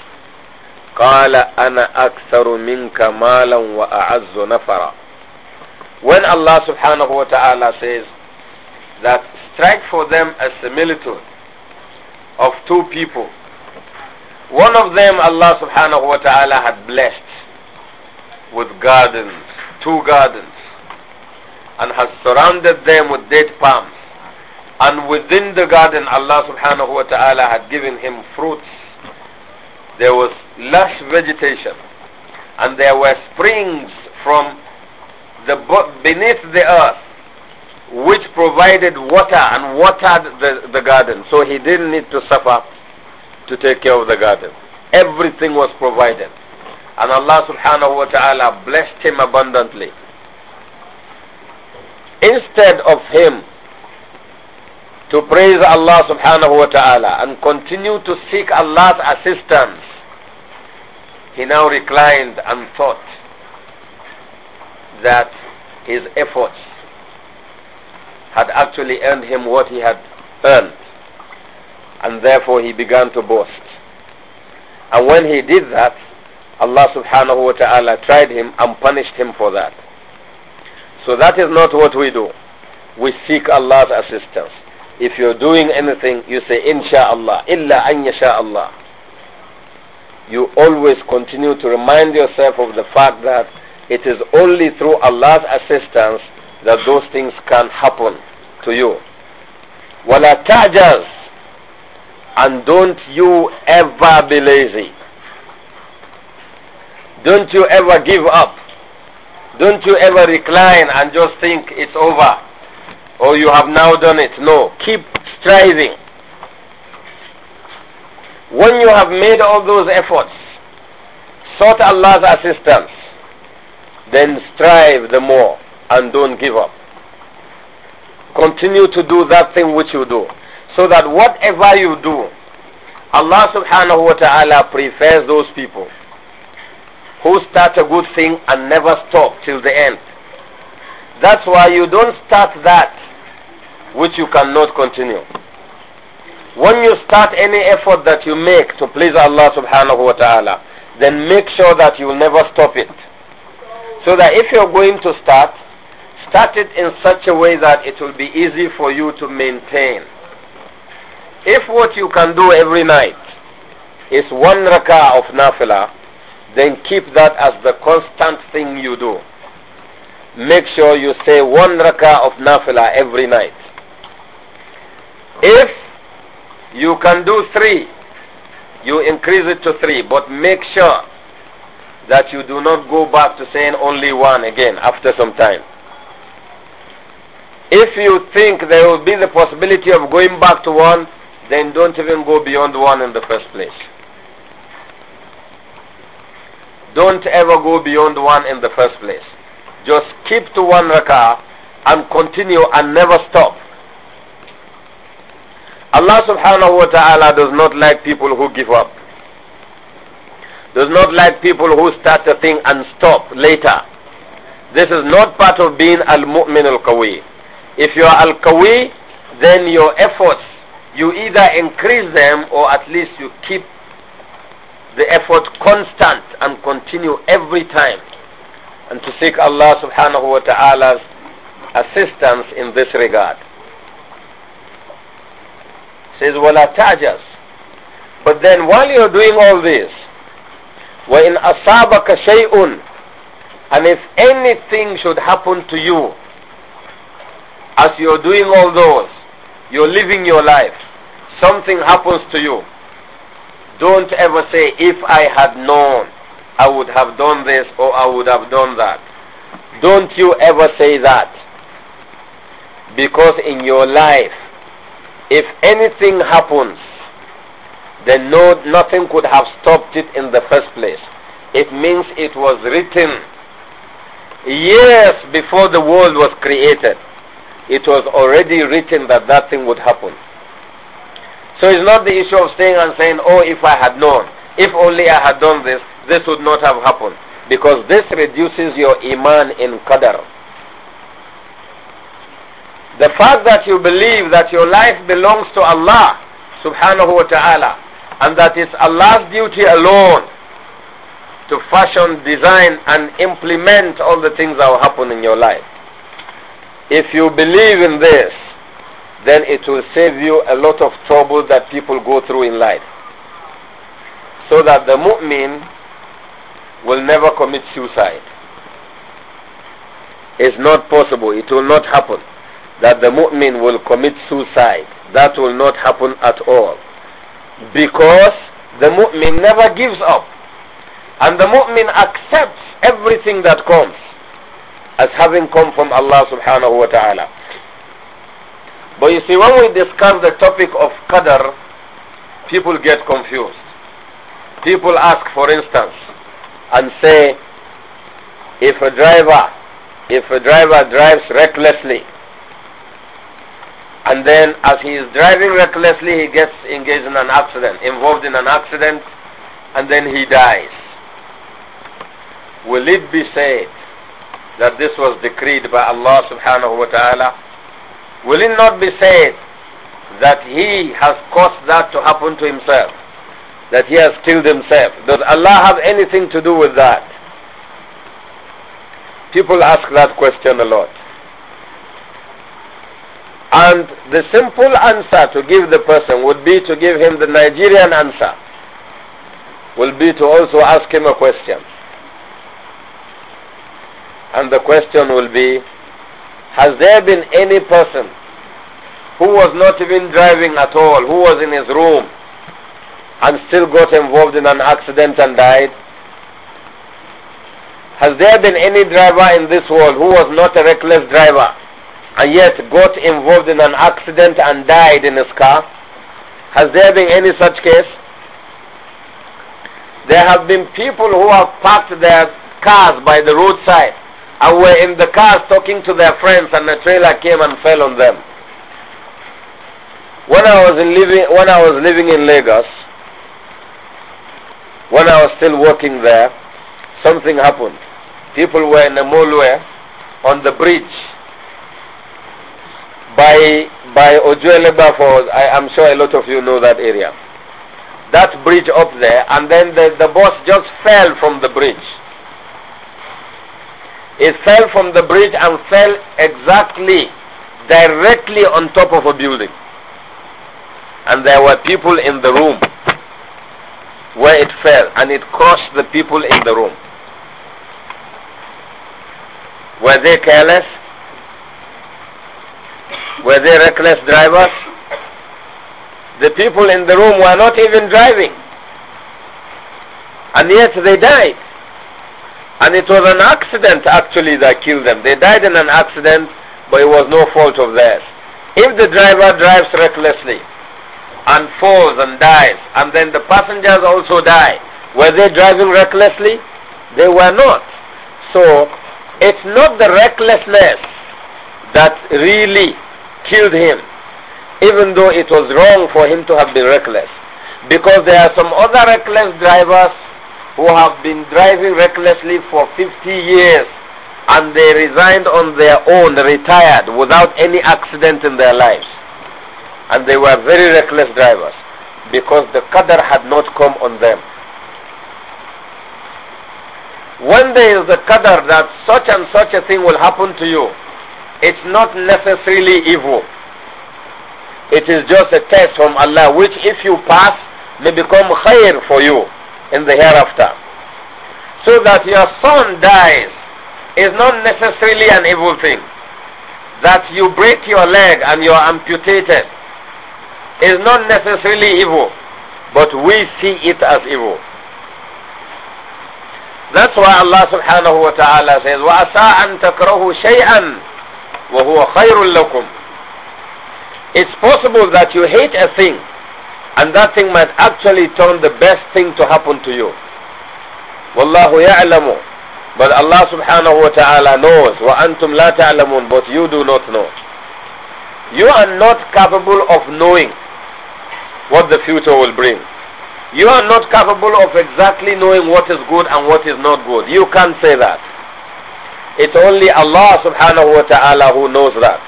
قال أنا أكثر منك مالا وأعز نفرا When Allah subhanahu wa ta'ala says that strike for them a similitude of two people. One of them Allah subhanahu wa ta'ala had blessed with gardens, two gardens, and has surrounded them with date palms. And within the garden, Allah subhanahu wa ta'ala had given him fruits. There was lush vegetation. And there were springs from the beneath the earth which provided water and watered the, the garden. So he didn't need to suffer to take care of the garden. Everything was provided. And Allah subhanahu wa ta'ala blessed him abundantly. Instead of him to praise Allah subhanahu wa ta'ala and continue to seek Allah's assistance. He now reclined and thought that his efforts had actually earned him what he had earned and therefore he began to boast. And when he did that, Allah subhanahu wa ta'ala tried him and punished him for that. So that is not what we do. We seek Allah's assistance. If you're doing anything, you say, Insha'Allah, illa an yasha'Allah. You always continue to remind yourself of the fact that it is only through Allah's assistance that those things can happen to you. وَلَا تَعْجَزْ And don't you ever be lazy. Don't you ever give up. Don't you ever recline and just think it's over or you have now done it. No, keep striving. When you have made all those efforts, sought Allah's assistance, then strive the more and don't give up. Continue to do that thing which you do. So that whatever you do, Allah subhanahu wa ta'ala prefers those people who start a good thing and never stop till the end. That's why you don't start that which you cannot continue. When you start any effort that you make to please Allah subhanahu wa ta'ala, then make sure that you will never stop it. So that if you're going to start, start it in such a way that it will be easy for you to maintain. If what you can do every night is one rak'ah of nafilah, then keep that as the constant thing you do make sure you say one rakah of nafilah every night. If you can do three, you increase it to three, but make sure that you do not go back to saying only one again after some time. If you think there will be the possibility of going back to one, then don't even go beyond one in the first place. Don't ever go beyond one in the first place. Just keep to one rak'ah and continue and never stop. Allah subhanahu wa ta'ala does not like people who give up. Does not like people who start a thing and stop later. This is not part of being al-mu'min al kawi If you are al kawi then your efforts, you either increase them or at least you keep the effort constant and continue every time and to seek Allah subhanahu wa ta'ala's assistance in this regard. It says, وَلَا تَعْجَزْ But then while you're doing all this, in أَصَابَكَ شَيْءٌ And if anything should happen to you, as you're doing all those, you're living your life, something happens to you, don't ever say, if I had known. I would have done this or I would have done that. Don't you ever say that. Because in your life, if anything happens, then no, nothing could have stopped it in the first place. It means it was written years before the world was created. It was already written that that thing would happen. So it's not the issue of staying and saying, oh, if I had known, if only I had done this, this would not have happened because this reduces your iman in qadar. The fact that you believe that your life belongs to Allah subhanahu wa ta'ala and that it's Allah's duty alone to fashion, design and implement all the things that will happen in your life. If you believe in this, then it will save you a lot of trouble that people go through in life. So that the mu'min will never commit suicide. It's not possible. It will not happen that the mu'min will commit suicide. That will not happen at all. Because the mu'min never gives up. And the mu'min accepts everything that comes as having come from Allah subhanahu wa ta'ala. But you see, when we discuss the topic of qadr, people get confused. People ask, for instance, and say, if a driver, if a driver drives recklessly, and then as he is driving recklessly, he gets engaged in an accident, involved in an accident, and then he dies. Will it be said that this was decreed by Allah subhanahu wa ta'ala? Will it not be said that he has caused that to happen to himself? that he has killed himself. Does Allah have anything to do with that? People ask that question a lot. And the simple answer to give the person would be to give him the Nigerian answer, will be to also ask him a question. And the question will be, has there been any person who was not even driving at all, who was in his room, and still got involved in an accident and died? Has there been any driver in this world who was not a reckless driver and yet got involved in an accident and died in his car? Has there been any such case? There have been people who have parked their cars by the roadside and were in the cars talking to their friends and a trailer came and fell on them. When I was in living when I was living in Lagos, when I was still working there, something happened. People were in a mallway on the bridge by by Ojuele Bafos. I am sure a lot of you know that area. That bridge up there, and then the, the boss just fell from the bridge. It fell from the bridge and fell exactly, directly on top of a building. And there were people in the room where it fell and it crushed the people in the room. Were they careless? Were they reckless drivers? The people in the room were not even driving. And yet they died. And it was an accident actually that killed them. They died in an accident, but it was no fault of theirs. If the driver drives recklessly, and falls and dies, and then the passengers also die. Were they driving recklessly? They were not. So it's not the recklessness that really killed him, even though it was wrong for him to have been reckless. Because there are some other reckless drivers who have been driving recklessly for 50 years and they resigned on their own, retired, without any accident in their lives. And they were very reckless drivers because the qadr had not come on them. When there is a qadr that such and such a thing will happen to you, it's not necessarily evil. It is just a test from Allah which if you pass may become khair for you in the hereafter. So that your son dies is not necessarily an evil thing. That you break your leg and you are amputated is not necessarily evil, but we see it as evil. That's why Allah subhanahu wa ta'ala says, وَعَسَىٰ أَن تَكْرَهُ شَيْئًا وَهُوَ خَيْرٌ لَكُمْ It's possible that you hate a thing and that thing might actually turn the best thing to happen to you. وَاللَّهُ يَعْلَمُ But Allah subhanahu wa ta'ala knows, وَأَنْتُمْ لَا تَعْلَمُونَ But you do not know. You are not capable of knowing what the future will bring. You are not capable of exactly knowing what is good and what is not good. You can't say that. It's only Allah subhanahu wa ta'ala who knows that.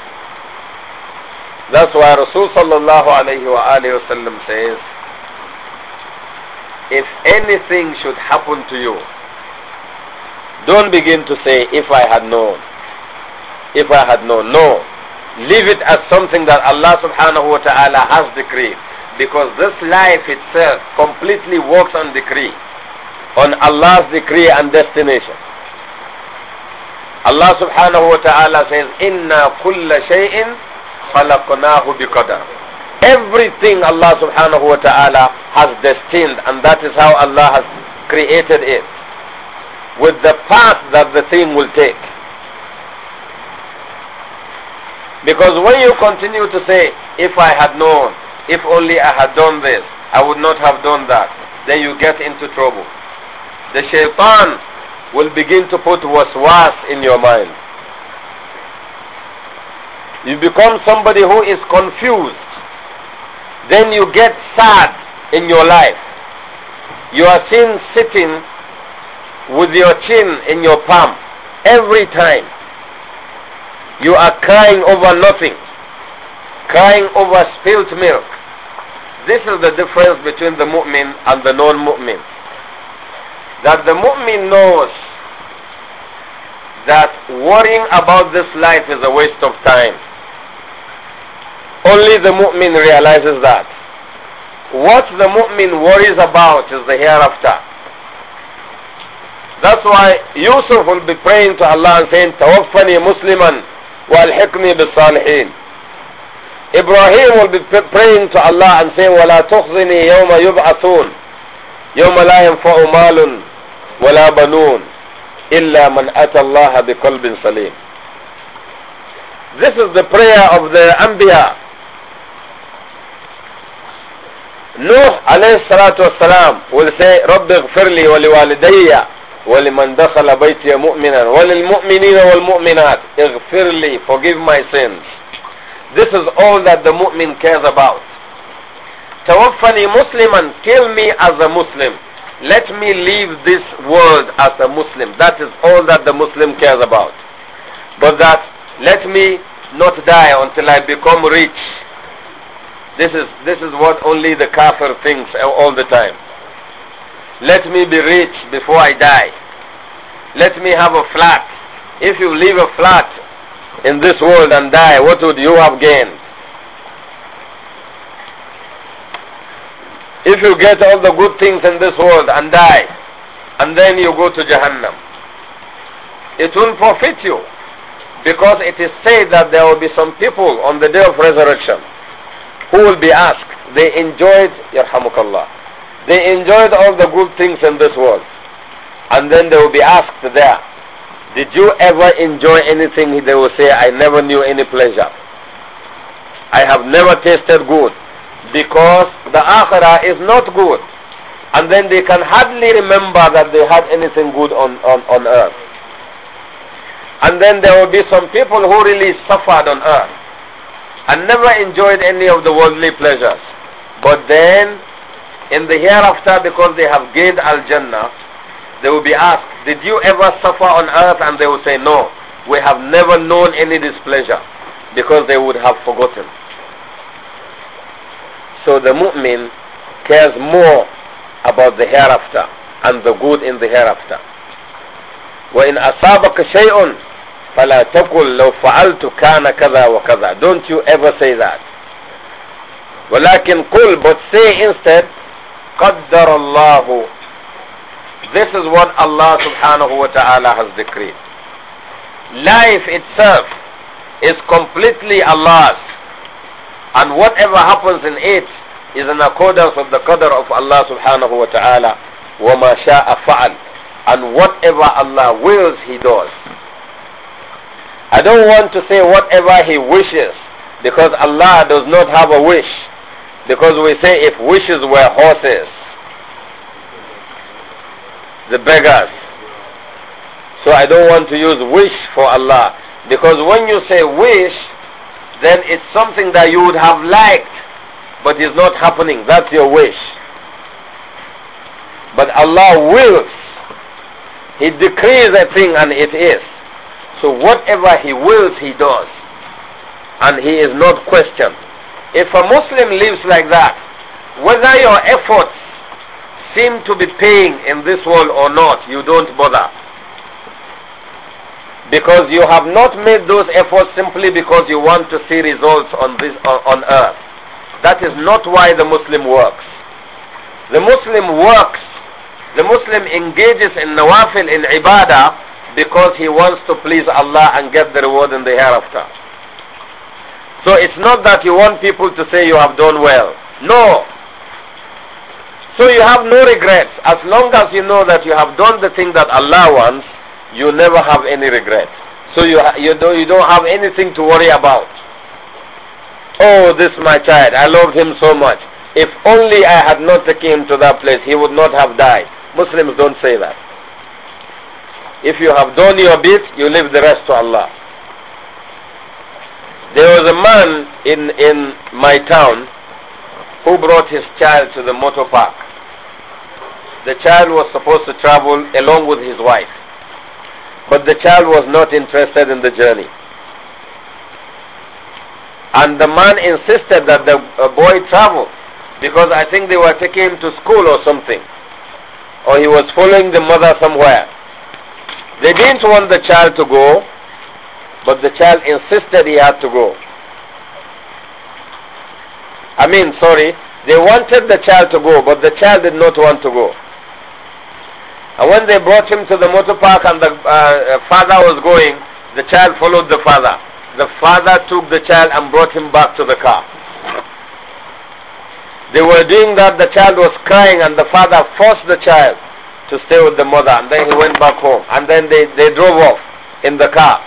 That's why Rasul sallallahu alayhi wa alayhi wa sallam says, if anything should happen to you, don't begin to say, if I had known, if I had known. No. Leave it as something that Allah subhanahu wa ta'ala has decreed. Because this life itself completely works on decree, on Allah's decree and destination. Allah subhanahu wa ta'ala says, Inna kulla shay'in khalaqnahu biqadar. Everything Allah subhanahu wa ta'ala has destined and that is how Allah has created it. With the path that the thing will take. Because when you continue to say, if I had known, if only I had done this, I would not have done that. Then you get into trouble. The shaitan will begin to put waswas in your mind. You become somebody who is confused. Then you get sad in your life. You are seen sitting with your chin in your palm every time. You are crying over nothing, crying over spilled milk, this is the difference between the mu'min and the non-mu'min. That the mu'min knows that worrying about this life is a waste of time. Only the mu'min realizes that. What the mu'min worries about is the hereafter. That's why Yusuf will be praying to Allah and saying, توفني مسلما والحقني بالصالحين Ibrahim will be praying to Allah and saying, وَلَا تُخْزِنِي يَوْمَ يُبْعَثُونَ يَوْمَ لَا يَنْفَعُ مَالٌ وَلَا بَنُونَ إِلَّا مَنْ أَتَى اللَّهَ بِقَلْبٍ سَلِيمٍ This is the prayer of the Anbiya. Nuh alayhi salatu wasalam will say, رَبِّ اغْفِرْ لِي وَلِوَالِدَيَّ وَلِمَنْ دَخَلَ بَيْتِيَ مُؤْمِنًا وَلِلْمُؤْمِنِينَ وَالْمُؤْمِنَاتِ اغْفِرْ لِي Forgive my sins This is all that the mu'min cares about. Tawaffani Musliman, kill me as a Muslim. Let me leave this world as a Muslim. That is all that the Muslim cares about. But that, let me not die until I become rich. This is, this is what only the kafir thinks all the time. Let me be rich before I die. Let me have a flat. If you leave a flat in this world and die, what would you have gained? If you get all the good things in this world and die, and then you go to Jahannam, it won't profit you because it is said that there will be some people on the day of resurrection who will be asked, they enjoyed, Yarhamukallah, they enjoyed all the good things in this world. And then they will be asked there, did you ever enjoy anything? They will say, I never knew any pleasure. I have never tasted good. Because the akhirah is not good. And then they can hardly remember that they had anything good on, on, on earth. And then there will be some people who really suffered on earth and never enjoyed any of the worldly pleasures. But then, in the hereafter, because they have gained Al-Jannah, they will be asked, did you ever suffer on earth? And they will say, no, we have never known any displeasure because they would have forgotten. So the mu'min cares more about the hereafter and the good in the hereafter. وَإِنْ أَصَابَكَ شَيْءٌ فَلَا تَقُلْ لَوْ فَعَلْتُ كَانَ كَذَا وَكَذَا Don't you ever say that. وَلَكِنْ قُلْ But say instead قَدَّرَ اللَّهُ this is what Allah subhanahu wa ta'ala has decreed. Life itself is completely Allah's. And whatever happens in it is in accordance with the qadr of Allah subhanahu wa ta'ala. وَمَا شَاءَ فَعَلْ And whatever Allah wills, He does. I don't want to say whatever He wishes because Allah does not have a wish. Because we say if wishes were horses, the beggars. So I don't want to use wish for Allah. Because when you say wish, then it's something that you would have liked, but is not happening. That's your wish. But Allah wills. He decrees a thing and it is. So whatever He wills, He does. And He is not questioned. If a Muslim lives like that, whether your efforts seem to be paying in this world or not, you don't bother. Because you have not made those efforts simply because you want to see results on this on earth. That is not why the Muslim works. The Muslim works, the Muslim engages in nawafil, in ibadah, because he wants to please Allah and get the reward in the hereafter. So it's not that you want people to say you have done well. No, so you have no regrets. As long as you know that you have done the thing that Allah wants, you never have any regrets. So you, you, do, you don't have anything to worry about. Oh, this my child, I loved him so much. If only I had not taken him to that place, he would not have died. Muslims don't say that. If you have done your bit, you leave the rest to Allah. There was a man in, in my town who brought his child to the motor park the child was supposed to travel along with his wife. But the child was not interested in the journey. And the man insisted that the uh, boy travel because I think they were taking him to school or something. Or he was following the mother somewhere. They didn't want the child to go, but the child insisted he had to go. I mean, sorry, they wanted the child to go, but the child did not want to go. And when they brought him to the motor park and the uh, uh, father was going, the child followed the father. The father took the child and brought him back to the car. They were doing that, the child was crying and the father forced the child to stay with the mother and then he went back home. And then they, they drove off in the car.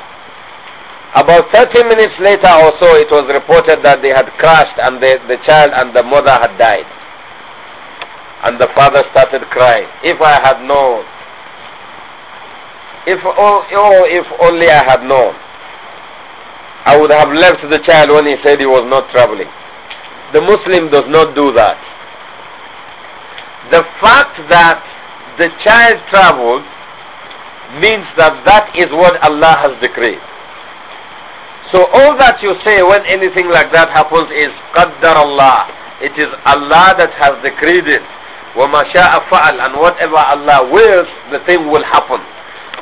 About 30 minutes later or so, it was reported that they had crashed and they, the child and the mother had died. And the father started crying. If I had known. If, oh, oh, if only I had known. I would have left the child when he said he was not traveling. The Muslim does not do that. The fact that the child traveled means that that is what Allah has decreed. So all that you say when anything like that happens is Qaddar Allah. It is Allah that has decreed it. وَمَا شَاءَ فَعَلْ And whatever Allah wills, the thing will happen.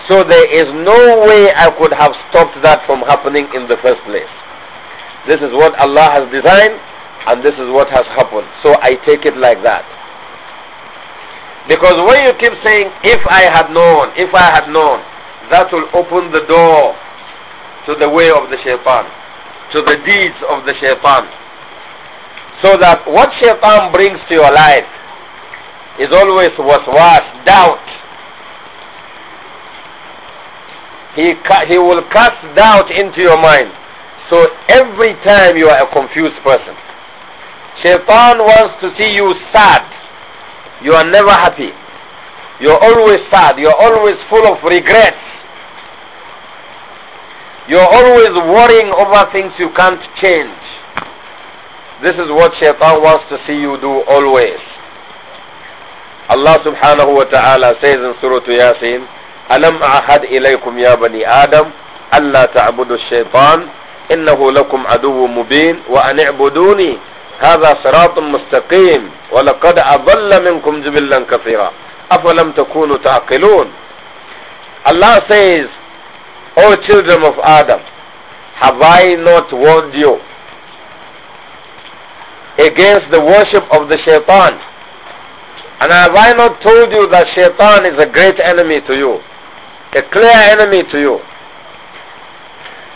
So there is no way I could have stopped that from happening in the first place. This is what Allah has designed and this is what has happened. So I take it like that. Because when you keep saying, if I had known, if I had known, that will open the door to the way of the shaitan, to the deeds of the shaitan. So that what shaitan brings to your life, is always waswas, doubt. He, he will cast doubt into your mind. So every time you are a confused person. Shaitan wants to see you sad. You are never happy. You're always sad. You're always full of regrets. You're always worrying over things you can't change. This is what Shaitan wants to see you do always. Allah subhanahu wa ta'ala says in Surah Yasin, Alam ahad ilaykum ya bani Adam, Allah ta'budu shaitan, innahu lakum aduwu mubin, wa an i'buduni, hadha siratun mustaqim, wa laqad adalla minkum jibillan kathira, afalam takunu ta'qilun. Allah says, O children of Adam, have I not warned you against the worship of the shaitan? And have I not told you that shaitan is a great enemy to you? A clear enemy to you.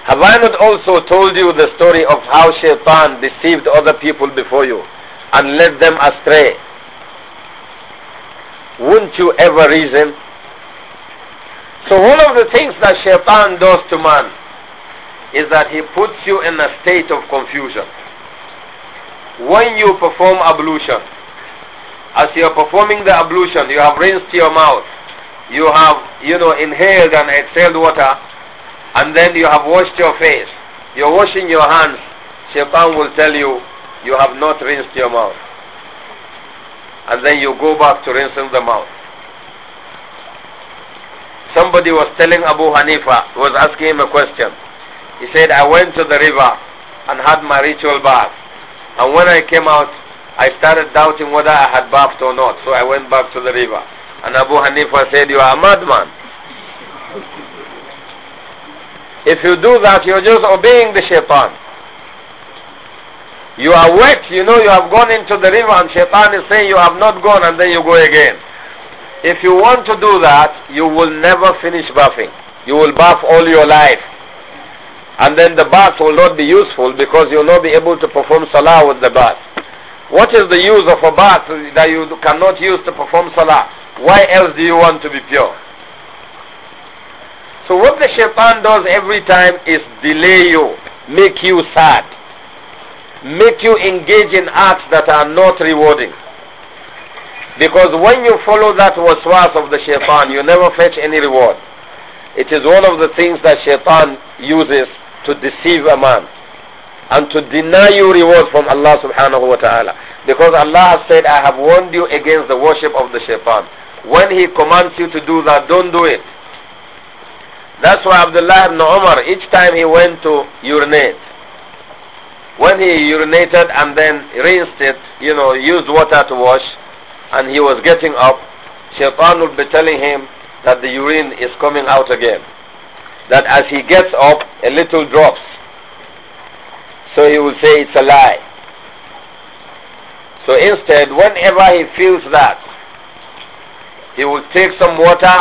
Have I not also told you the story of how shaitan deceived other people before you and led them astray? Wouldn't you ever reason? So one of the things that shaitan does to man is that he puts you in a state of confusion. When you perform ablution, as you are performing the ablution, you have rinsed your mouth, you have, you know, inhaled and exhaled water, and then you have washed your face, you're washing your hands, shaitan will tell you, you have not rinsed your mouth. And then you go back to rinsing the mouth. Somebody was telling Abu Hanifa, was asking him a question. He said, I went to the river and had my ritual bath. And when I came out, I started doubting whether I had bathed or not, so I went back to the river. And Abu Hanifa said, you are a madman. If you do that, you're just obeying the shaitan. You are wet, you know you have gone into the river and shaitan is saying you have not gone and then you go again. If you want to do that, you will never finish bathing. You will bath all your life. And then the bath will not be useful because you'll not be able to perform salah with the bath. What is the use of a bath that you cannot use to perform salah? Why else do you want to be pure? So what the shaitan does every time is delay you, make you sad, make you engage in acts that are not rewarding. Because when you follow that waswas of the shaitan, you never fetch any reward. It is one of the things that shaitan uses to deceive a man and to deny you reward from Allah subhanahu wa ta'ala. Because Allah has said, I have warned you against the worship of the shaitan. When he commands you to do that, don't do it. That's why Abdullah ibn Umar, each time he went to urinate, when he urinated and then rinsed it, you know, used water to wash, and he was getting up, Shaitan would be telling him that the urine is coming out again. That as he gets up, a little drops so he will say it's a lie. So instead, whenever he feels that, he will take some water,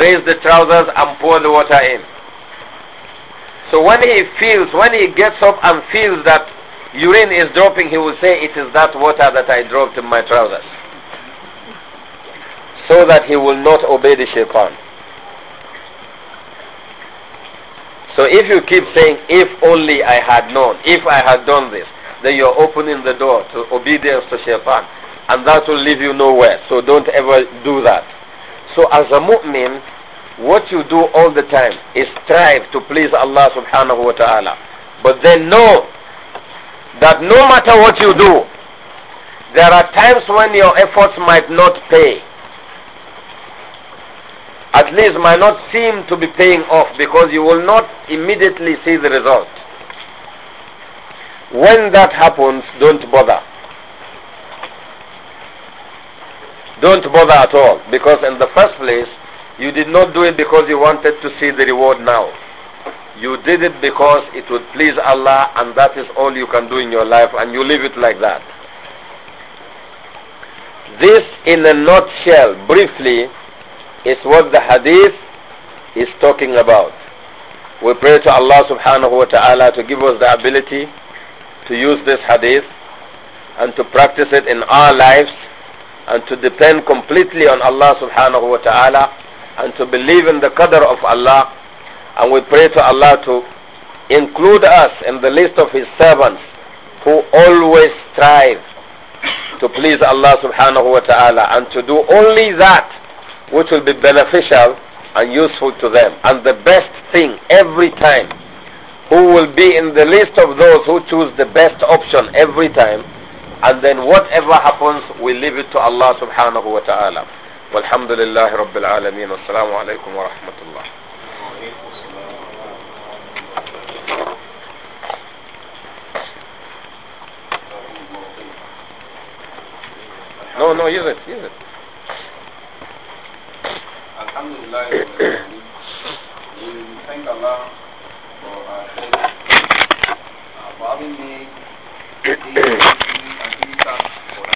raise the trousers and pour the water in. So when he feels, when he gets up and feels that urine is dropping, he will say, it is that water that I dropped in my trousers. So that he will not obey the shaitan. So if you keep saying, if only I had known, if I had done this, then you're opening the door to obedience to shaitan. And that will leave you nowhere. So don't ever do that. So as a mu'min, what you do all the time is strive to please Allah subhanahu wa ta'ala. But then know that no matter what you do, there are times when your efforts might not pay at least might not seem to be paying off because you will not immediately see the result. When that happens, don't bother. Don't bother at all because in the first place, you did not do it because you wanted to see the reward now. You did it because it would please Allah and that is all you can do in your life and you leave it like that. This in a nutshell, briefly, is what the hadith is talking about. We pray to Allah subhanahu wa ta'ala to give us the ability to use this hadith and to practice it in our lives and to depend completely on Allah subhanahu wa ta'ala and to believe in the qadr of Allah and we pray to Allah to include us in the list of his servants who always strive to please Allah subhanahu wa ta'ala and to do only that which will be beneficial and useful to them. And the best thing every time, who will be in the list of those who choose the best option every time, and then whatever happens, we leave it to Allah subhanahu wa ta'ala. والحمد لله رب العالمين والسلام عليكم ورحمة الله No, no, use it, use it. Alhamdulillah, we thank Allah for our service, uh, for having made